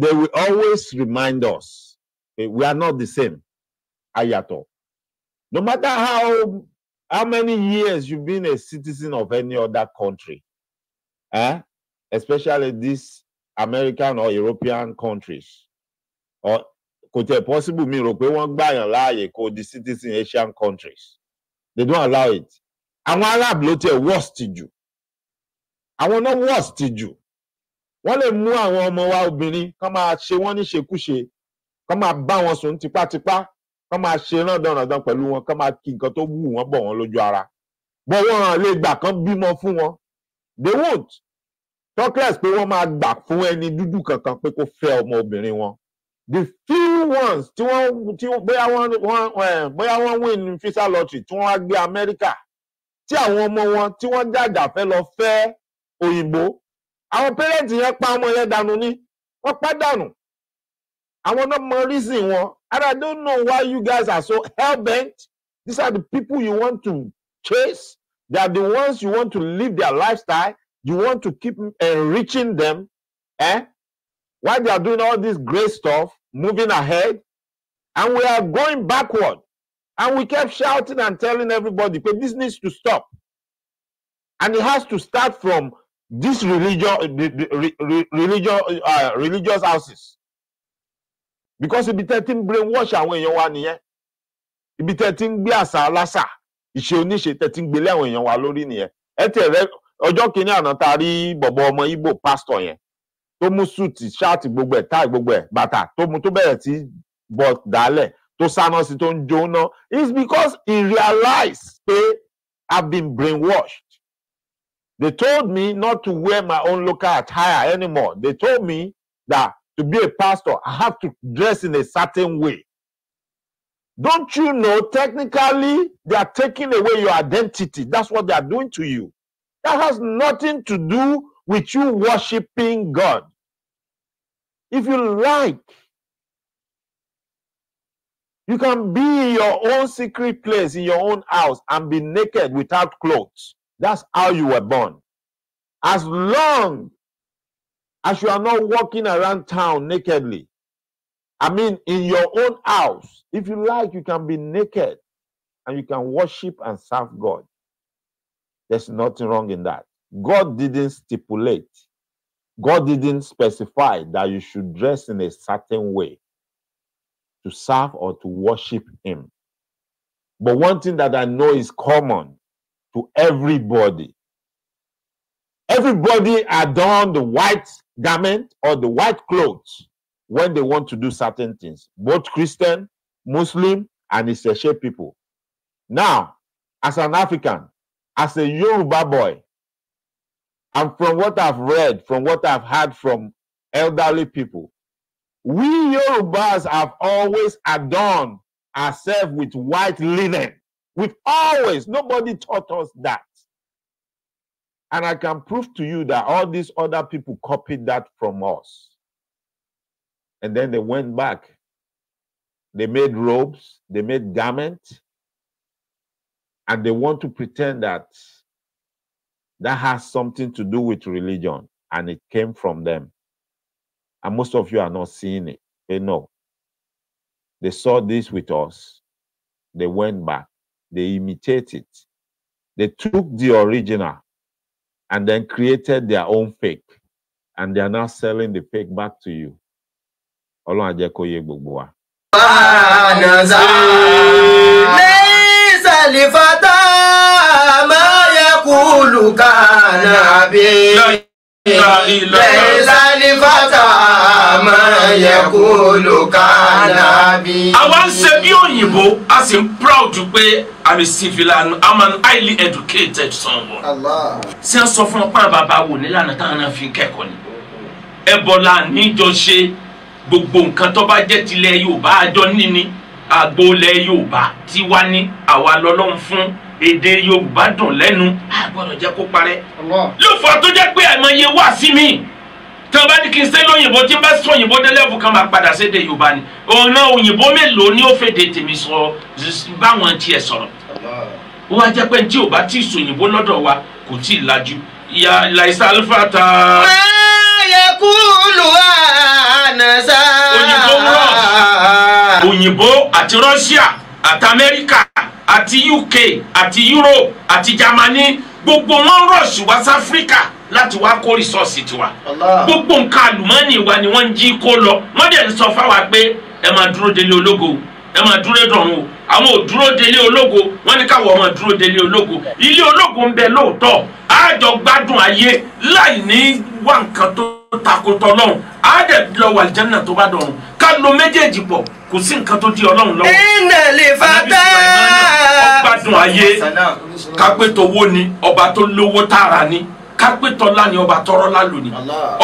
They will always remind us eh, we are not the same. Ayato. No matter how how many years you been a citizen of any other country, eh? especially these American or European countries. Or kò tẹ̀ possible mi rò pé wọ́n gbàyàn láàyè kó di citizen Asian countries. They don't allow it. Àwọn Arab ló tẹ̀ worst jù. Àwọn náà worst jù. Wọ́n lè mú àwọn ọmọ wa obìnrin kán máa ṣe wọ́n ní ṣekúṣe, kán máa bá wọn sùn tipátipá kọ́ máa ṣe náà dandan pẹ̀lú wọn kọ́ máa kí nǹkan tó wù wọ́n bọ̀ wọ́n lójú ara bọ́ wọ́n hàn lè gbà kán bímọ fún wọn they won't talkless pé wọ́n máa gbà fún ẹni dúdú kankan pé kó fẹ́ ọmọ obìnrin wọn the few ones tí wọ́n tí bóyá wọ́n bóyá wọ́n win visa lottery tí wọ́n wá gbé Amẹ́ríkà tí àwọn ọmọ wọn tí wọ́n jàjà fẹ́ lọ fẹ́ òyìnbó àwọn pẹ́rẹ́ǹtì yẹn pa ọmọ yẹn dànù ni wọ́n pa dànù àwọn náà mọ reason wọn oh. and i don't know why you guys are so hell-bent these are the people you want to chase they are the ones you want to live their lifestyle you want to keep enriching them eh? Why they are doing all this great stuff moving ahead and we are going backward and we kept shouting and telling everybody "But this needs to stop and it has to start from this religious religious uh, religious houses because ibi tẹ́ ti ń brain wash àwọn èèyàn wa nìyẹn ibi tẹ́ ti ń gbé àṣà aláṣà ìṣe oníṣe tẹ́ ti ń gbélé àwọn èèyàn wa lórí nìyẹn ẹ tẹ̀ rẹ ọjọ́ kìíní àná ta rí bọ̀bọ̀ ọmọ Igbo pásítọ̀ yẹn tó mú súùtì ṣáàtì gbogbo ẹ̀ táì gbogbo ẹ̀ bàtà tó mu tó bẹ̀rẹ̀ sí bọ̀ dálẹ̀ tó sáná sí tó ń jóná it's because he realized pé I've been brainwashed they told me not to wear my own local attire anymore they told me that to be a pastor, I have to dress in a certain way. Don't you know technically they are taking away your identity? That's what they are doing to you. That has nothing to do with you worshiping God. If you like, you can be in your own secret place, in your own house, and be naked without clothes. That's how you were born. As long as you are not walking around town nakedly. I mean, in your own house, if you like, you can be naked and you can worship and serve God. There's nothing wrong in that. God didn't stipulate, God didn't specify that you should dress in a certain way to serve or to worship Him. But one thing that I know is common to everybody everybody adorned white garment or the white clothes when they want to do certain things, both Christian, Muslim, and Isheshe people. Now, as an African, as a Yoruba boy, and from what I've read, from what I've heard from elderly people, we Yorubas have always adorned ourselves with white linen. We've always, nobody taught us that. And I can prove to you that all these other people copied that from us. And then they went back. They made robes, they made garments, and they want to pretend that that has something to do with religion and it came from them. And most of you are not seeing it. They know. They saw this with us. They went back. They imitated. They took the original and then created their own fake and they are now selling the fake back to you. Ọlọ́run àjẹ́ kó yé gbogbo wa. Fànàzà ní fata máa yẹ kúlù kànà bí. Lẹ́sàlẹ̀ fata máa yẹ kúlù kànà bí. Àwa ń ṣe bí òyìnbó, a sì ń proud pé. I'm a civilian. I'm an highly educated someone. Allah. Ṣé ń sọ pa ọ pé bàbá wò ní lànà táwọn náà fi kẹ́kọ̀ọ́ ni? Ẹ̀bọ̀là níjọ ṣe gbogbo ba tó bá jẹ́ tilẹ̀ Yorùbá àjọ níní agboolẹ̀ Yorùbá tí wá ní àwa lọ́lọ́run fún èdè Yorùbá dùn lẹ́nu. A gbọ́dọ̀ jẹ́ kó parẹ́. Ló fà tó jẹ́ pé àìmọye wá sí mi tí wọ́n bá ní kí n sẹ́ lóyìnbó tí n bá sọ òyìnbó dé lẹ́bù kan máa padà sédè yorùbá ni ọ̀nà òyìnbó mélòó ni ó fèdè tèmi sọ báwọn tiẹ̀ sọ̀rọ̀ wọ́n á jẹ́ pé tí ò bá tí ì sọ òyìnbó lọ́dọ̀ wa kò tí ì lajú ìyá laisa alfa ta. ayé kúlù ànàsà. òyìnbó rọ òyìnbó àti russia àti amẹ́ríkà àti uk àti europe àti germany gbogbo wọn rọ̀ṣì wá sí áfíríkà láti wá kó rìsọ́ọ̀sì tiwa gbogbo nǹkan àlùmọ́ọ́nì wa ni wọ́n ń jí kó lọ wọ́n dẹ̀ ń sọ fáwa pé ẹ máa dúró délé ológo ẹ máa dúró dọ̀run o àwọn ò dúró délé ológo wọ́n ní káwọn ọmọ dúró délé ológo ilé ológo ń bẹ lóòótọ́ àjọ gbádùn ayé láì ní wá nǹkan tó takotọ́ lọ́hùn á dẹ̀ lọ wà lìjánà tó bá dọ̀run ká lo méjèèjì pọ̀ kò sí nǹkan tó di ọlọ́run lọ́wọ́. iná lè fa tá. ọgbádùn ayé kápẹ́tọ̀ owó ni ọba tó lówó tààrà ni kápẹ́tọ̀ ọlá ni ọba tọrọ lálò ni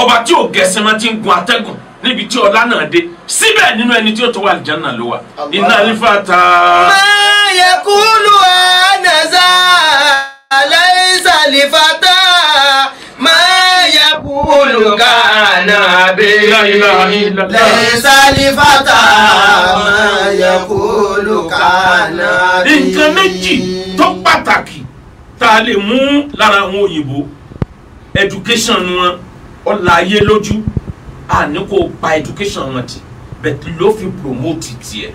ọba tí ò gẹ̀ẹ́sẹ̀ máa ti ń gun atẹ́gùn níbi tí ọlá náà dé síbẹ̀ nínú ẹni tí ó tó wà àlìjáná ló wà iná lè fa tá. máa yẹ kúlù ànàzà aláìsàlè fa tá máa olùkànà àbẹ̀rẹ̀ lẹ́sàlì fàtà máa yẹ kó olùkànà àbẹ̀rẹ̀. nǹkan méjì tó pàtàkì tá a lè mú lára àwọn òyìnbó education wọn ọ̀la ayé lójú àní kò pa education wọn ti bẹ̀tẹ̀ ló fi promote tiẹ̀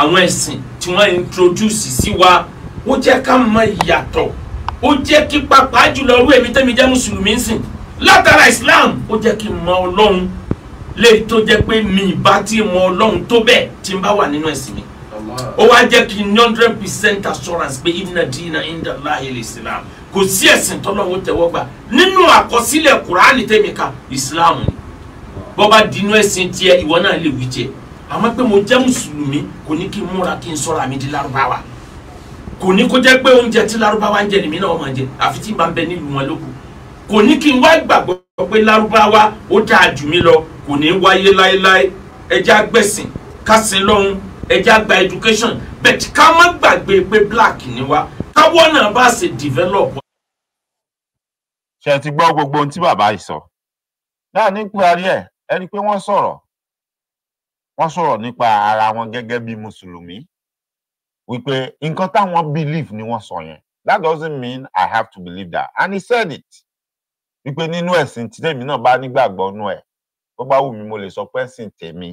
àwọn ẹ̀sìn tí wọ́n introduce sí wa ó jẹ́ ká mọ ìyàtọ̀ ó jẹ́ kí pàápàá jùlọ rú èmi tẹ́mi jẹ́ mùsùlùmí sìn látara islam ó jẹ́ kí n mọ ọlọ́run léyìí tó jẹ́ pé mi ìbá tí mọ ọlọ́run tó bẹ́ẹ̀ tí n bá wà nínú ẹ̀sìn mi ó wá jẹ́ kí n hundred percent assurance pé inna dina inda Allahi islam kò sí ẹ̀sìn tọ́lọ́wọ́ tẹ̀wọ́ gbà nínú àkọsílẹ̀ kùránì tẹ̀mí ka islam ni bọ́ba dinú ẹ̀sìn tiẹ̀ ìwọ náà lè wí tiẹ̀ àmọ́ pé mo jẹ́ mùsùlùmí kò ní kí n múra kí n sọ̀rọ̀ àmì di lárúbáwá kò ní kó jẹ́ pé oúnjẹ tí lárúbáwá ń jẹ nìmí náà máa jẹ àfi tí n bá ń bẹ nílùú wọn lókun kò ní kí n wá gbàgbọ́ pé lárúbáwá ó dáa jù mí lọ kò ní wáyé láéláé ẹja gbẹ̀sìn kásìn lọ́hún ẹja gba education bẹ̀tì ká má gbàgbé pé black ni wá káwọ́ náà bá ṣe develop. ṣe ti gbọ́ gbogbo ohun tí bàbá yìí sọ náà nípa rí ẹ̀ ẹni pé wọ́n sọ̀rọ̀ wọ́n sọ̀rọ̀ nípa ara wọn gẹ́gẹ́ bí mùsùlùmí wípé nǹkan táwọn believe ni wọ́n sọ yẹn that doesn't mean I have to believe that and he said it wípé nínú ẹ̀sìn tí tèmi náà bá nígbàgbọ́ nú ẹ̀ tó bá wù mí mo lè sọ pé ẹ̀sìn tèmi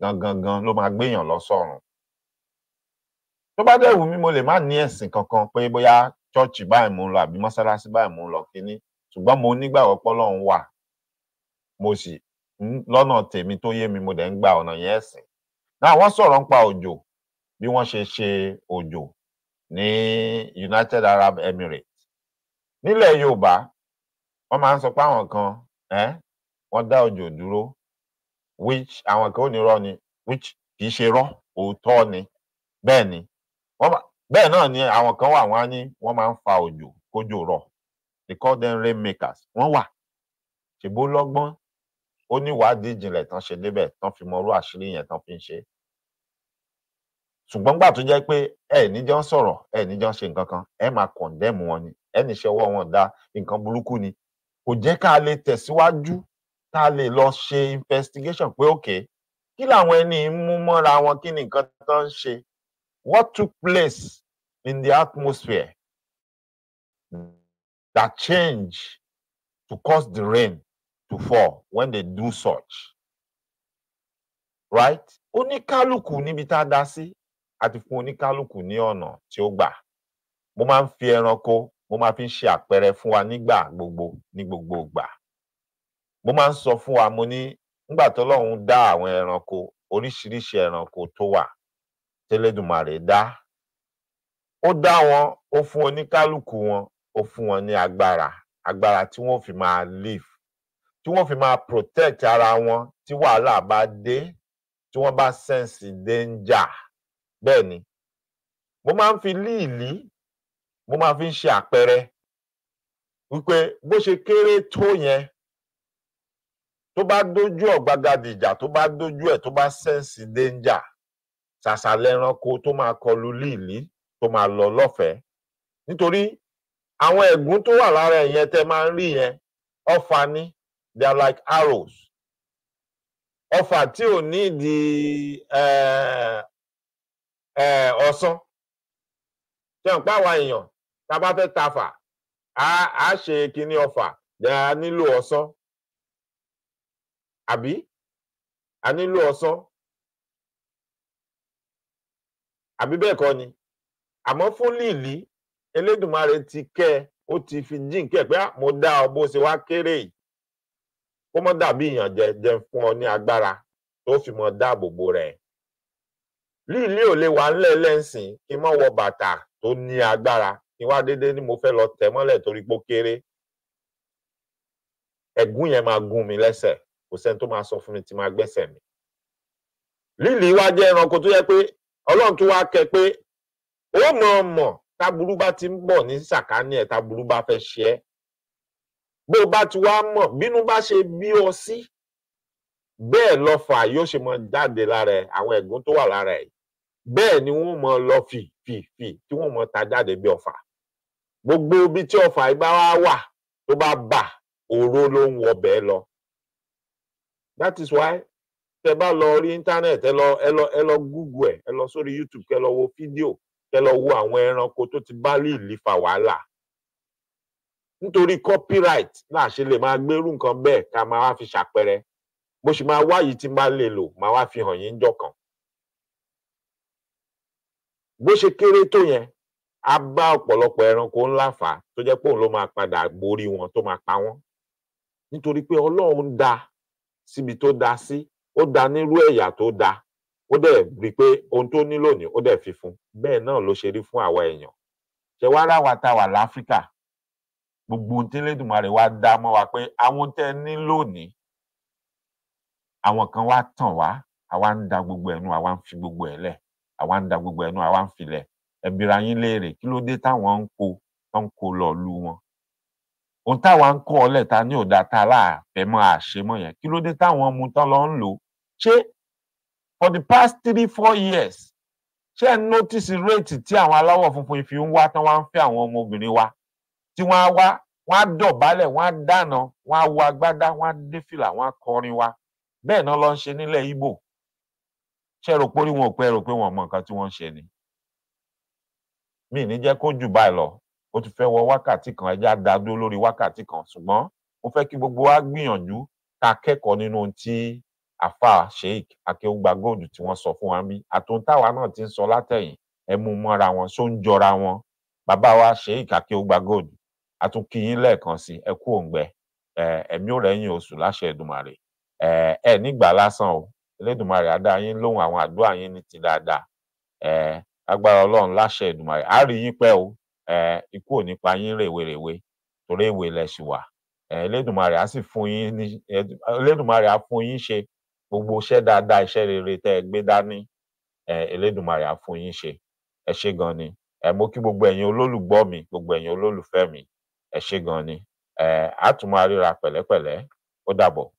gangan gan ló máa gbéyàn lọ sọ́run tó bá dẹ̀ wù mí mo lè má ní ẹ̀sìn kankan pé bóyá chọ́ọ̀chì báyìí mò ń lọ àbí mọ́sálásí báyìí mò ń lọ kínní ṣùgbọ́n mo nígbàgbọ́ pọ́lọ́run wà mo sì lọ́nà tèmi tó yé mi mo dẹ̀ ń gba ọ̀nà yẹn ẹ̀sìn náà wọ́n sọ̀rọ̀ nípa òjò bí wọ́n ṣe ṣe òjò ní United Arab Emirates nílẹ̀ Yorùbá wọn máa ń sọ pé àwọn kan wọn dá òjò dúró which àwọn kan ò ní irọ́ ni which kì í ṣe irọ́ òótọ́ ni bẹ́ẹ̀ ni bẹ́ẹ̀ náà ni àwọn kan wà wọ́n á ní wọ́n máa ń fa òjò kójò rọ̀ they call them rainmakers, makers wọ́n wà ṣèbó lọ́gbọ́n ó níwádìí ìjìnlẹ̀ tán ṣe débẹ̀ tán fi mọ irú àṣírí yẹn tán fi ń ṣe ṣùgbọ́n gbà tó jẹ́ pé ẹ níjọ́ ń sọ̀rọ̀ ẹ níjọ́ ń ṣe nǹkan kan ẹ máa kọ̀ndẹ́mù wọn ni ẹ níṣẹ́ ọwọ́ wọn dá nǹkan burúkú ni kò jẹ́ ká lè tẹ̀síwájú tá lè lọ ṣe investigation pé ok kí làwọn ẹni mú mọ́ra wọn kí ni nǹkan tó ń ṣe what took place in the atmosphere that change to cause the rain to fall when they do such right oníkálukú níbi tá a dá sí àti fún oníkálukú ní ọ̀nà tí ó gbà mo máa ń fi ẹranko mo máa fi ń ṣe àpẹẹrẹ fún wa nígbà gbogbo ní gbogbo ìgbà mo máa ń sọ fún wa mo ní nígbà tọ́lọ́run dá àwọn ẹranko oríṣiríṣi ẹranko tó wà tẹ́lẹ̀dùmarè dá ó dá wọn ó fún oníkálukú wọn ó fún wọn ní agbára agbára tí wọ́n fi máa live tí wọ́n fi máa protect ara wọn tí wàhálà bá dé tí wọ́n bá sense danger bẹ́ẹ̀ ni mo máa ń fi líìlí mo máa fi ń ṣe àpẹẹrẹ wípé bó ṣe kéré tó yẹn tó bá dójú ọ̀gbagadì ìjà tó bá dójú ẹ̀ tó bá sẹ́ǹsì dénjà ṣàṣàlẹ̀ ẹranko tó máa kọlu líìlí tó máa lọ lọ́fẹ̀ẹ́ nítorí àwọn ẹ̀gún tó wà lára ẹ̀yẹn tẹ́ máa ń rí yẹn ọfà ni they are like arrows ọfà tí ò ní ìdí ọ̀sán tí wọ́n pa àwa èèyàn tá a bá fẹ́ tafà á ṣe kinní ọfà a nílò ọsán àbí a nílò ọsán àbí bẹ́ẹ̀ kọ́ ni àmọ́ fún líìlí Elédùmarè ti kẹ́ ẹ ó ti fi jíǹ kẹ́ ẹ pé mo dá ọ bó ṣe wá kéré yìí kó mọ́ dàbí ìyànjẹ jẹ fún ọ ní agbára tó fi mọ́ dáàbò bo rẹ̀ líìlí ò lè wà ńlẹ̀ lẹ́sìn kí mọ́ wọ bàtà tó ní agbára kí wá déédéé ni mo fẹ́ lọ tẹ̀ mọ́lẹ̀ torí pé ó kéré ẹ̀gún yẹn máa gún mi lẹ́sẹ̀ kò sẹ́ni tó máa sọ fún mi tí máa gbẹ́sẹ̀ mi lílì wá jẹ́ ẹranko tó yẹ pé Ọlọ́run tó wá kẹ pé ó mọ̀ mọ̀ táburú bá ti ń bọ̀ ní sàkání ẹ̀ táburú bá fẹ́ ṣe ẹ́ bó bá ti wá mọ̀ bínú bá ṣe bí ọ sí bẹ́ẹ̀ lọ́fà yóò ṣe mọ jáde lára ẹ̀ àwọn ẹ̀gún tó wà lára ẹ̀ bẹ́ẹ̀ ni wọ́n mọ lọ fì fì fì tí wọ́n mọ ta jáde bí ọ̀fà gbogbo ibi tí ọfà ìgbà wa wà tó bá bà òru ló ń wọbẹ lọ that is why tẹ bá lọ rí internet ẹ lọ ẹ lọ ẹ lọ google ẹ ẹ lọ sórí youtube kẹ lọ wo fídíò kẹ lọ wo àwọn ẹranko tó ti bá líìlì fa wàhálà nítorí copyright náà ṣe lè máa gbérú nǹkan bẹ́ẹ̀ ká máa wá fi ṣàpẹrẹ bó ṣe máa wá yìí tí máa lè lò máa wá fi hàn yín jọkàn bó ṣe kéré tó yẹn á bá ọ̀pọ̀lọpọ̀ ẹranko ńlá fà á tó jẹ́ pé òun ló máa padà borí wọn tó máa pa wọ́n nítorí pé ọlọ́run dá síbi tó dá sí ó dá nírú ẹ̀yà tó dá ó dẹ̀ rí i pé ohun tó ní lónìí ó dẹ̀ fi fún bẹ́ẹ̀ náà ló ṣe rí fún àwa èèyàn ṣe wá ráwa tá a wà láfíríkà gbogbo ohun tí Elédùmarè wá dá mọ́ wa pé àwọn tẹ́ ní lónìí àwọn kan wá tàn wá àwa ń da gbogbo ẹnu àwa ń fi gbogbo ẹ lẹ̀ àwa ń da gbogbo ẹnu àwa ń filẹ̀ ẹ bira yín léèrè kí ló dé táwọn ń kó tó ń kó lọ lu wọn ohun táwa ń kọ ọlẹ ta ní òdà ta láàfẹ mọ àṣemọ yẹn kí ló dé táwọn ọmọ tán lọ ń lò ṣé for the past three four years ṣé ẹ notice rate tí àwọn aláwọ̀ funfun fi ń wá tán wá ń fẹ́ àwọn ọmọbìnrin wa tí wọ́n á wá wọ́n á dọ̀bálẹ̀ wọ́n á dáná wọ́n á wọ agbádá wọ́n á dé fìlà wọ́n á kọrin wa bẹ́ẹ̀ náà ló ń ṣe nílẹ̀ Ìgbò ṣe rò pé wọn ò pé rò pé wọn mọ nǹkan tí wọ́n ń ṣe ni mi ní jẹ́ kó jù báyìí lọ ó ti fẹ́ wọ wákàtí kan ẹjẹ́ á dá dúró lórí wákàtí kan ṣùgbọ́n mo fẹ́ kí gbogbo wa gbìyànjú ká kẹ́kọ̀ọ́ nínú ohun tí afa sheik akéwùgbà gold tí wọ́n sọ fún wa bí àtòun táwa náà ti ń sọ látẹ̀yìn ẹ mú mọ́ra wọn ṣó ń jọra wọn bàbá wa sheik akéwùgbà gold àtúnkìyín lẹ́ẹ̀kan sí ẹ kú òǹgbẹ ẹ̀mí ò rẹ̀yìn oṣù láṣẹ Èdùmàrè ẹ nígbà lásán o Elédùmarè á yín lóhùn àwọn àdúrà yín ní ti dáadáa agbára Ọlọ́run láṣẹ Èdùmàrè á rí yín pẹ́ o ikú ò ní pa yín rèwerèwe torí èwe lẹ ṣì wà Elédùmarè á sì fún yín ní Elédùmarè á fún yín ṣe gbogbo iṣẹ́ dáadáa iṣẹ́ rere tẹ́ ẹ gbé dání Elédùmarè á fún yín ṣe ẹ ṣé gan ni mo kí gbogbo ẹ̀yin olólùgbọ́ mi gbogbo ẹ̀yin olólùfẹ́ mi ẹ ṣé gan ni a tún máa ríra pẹ̀lẹ́pẹ̀lẹ́ ó dàbọ̀.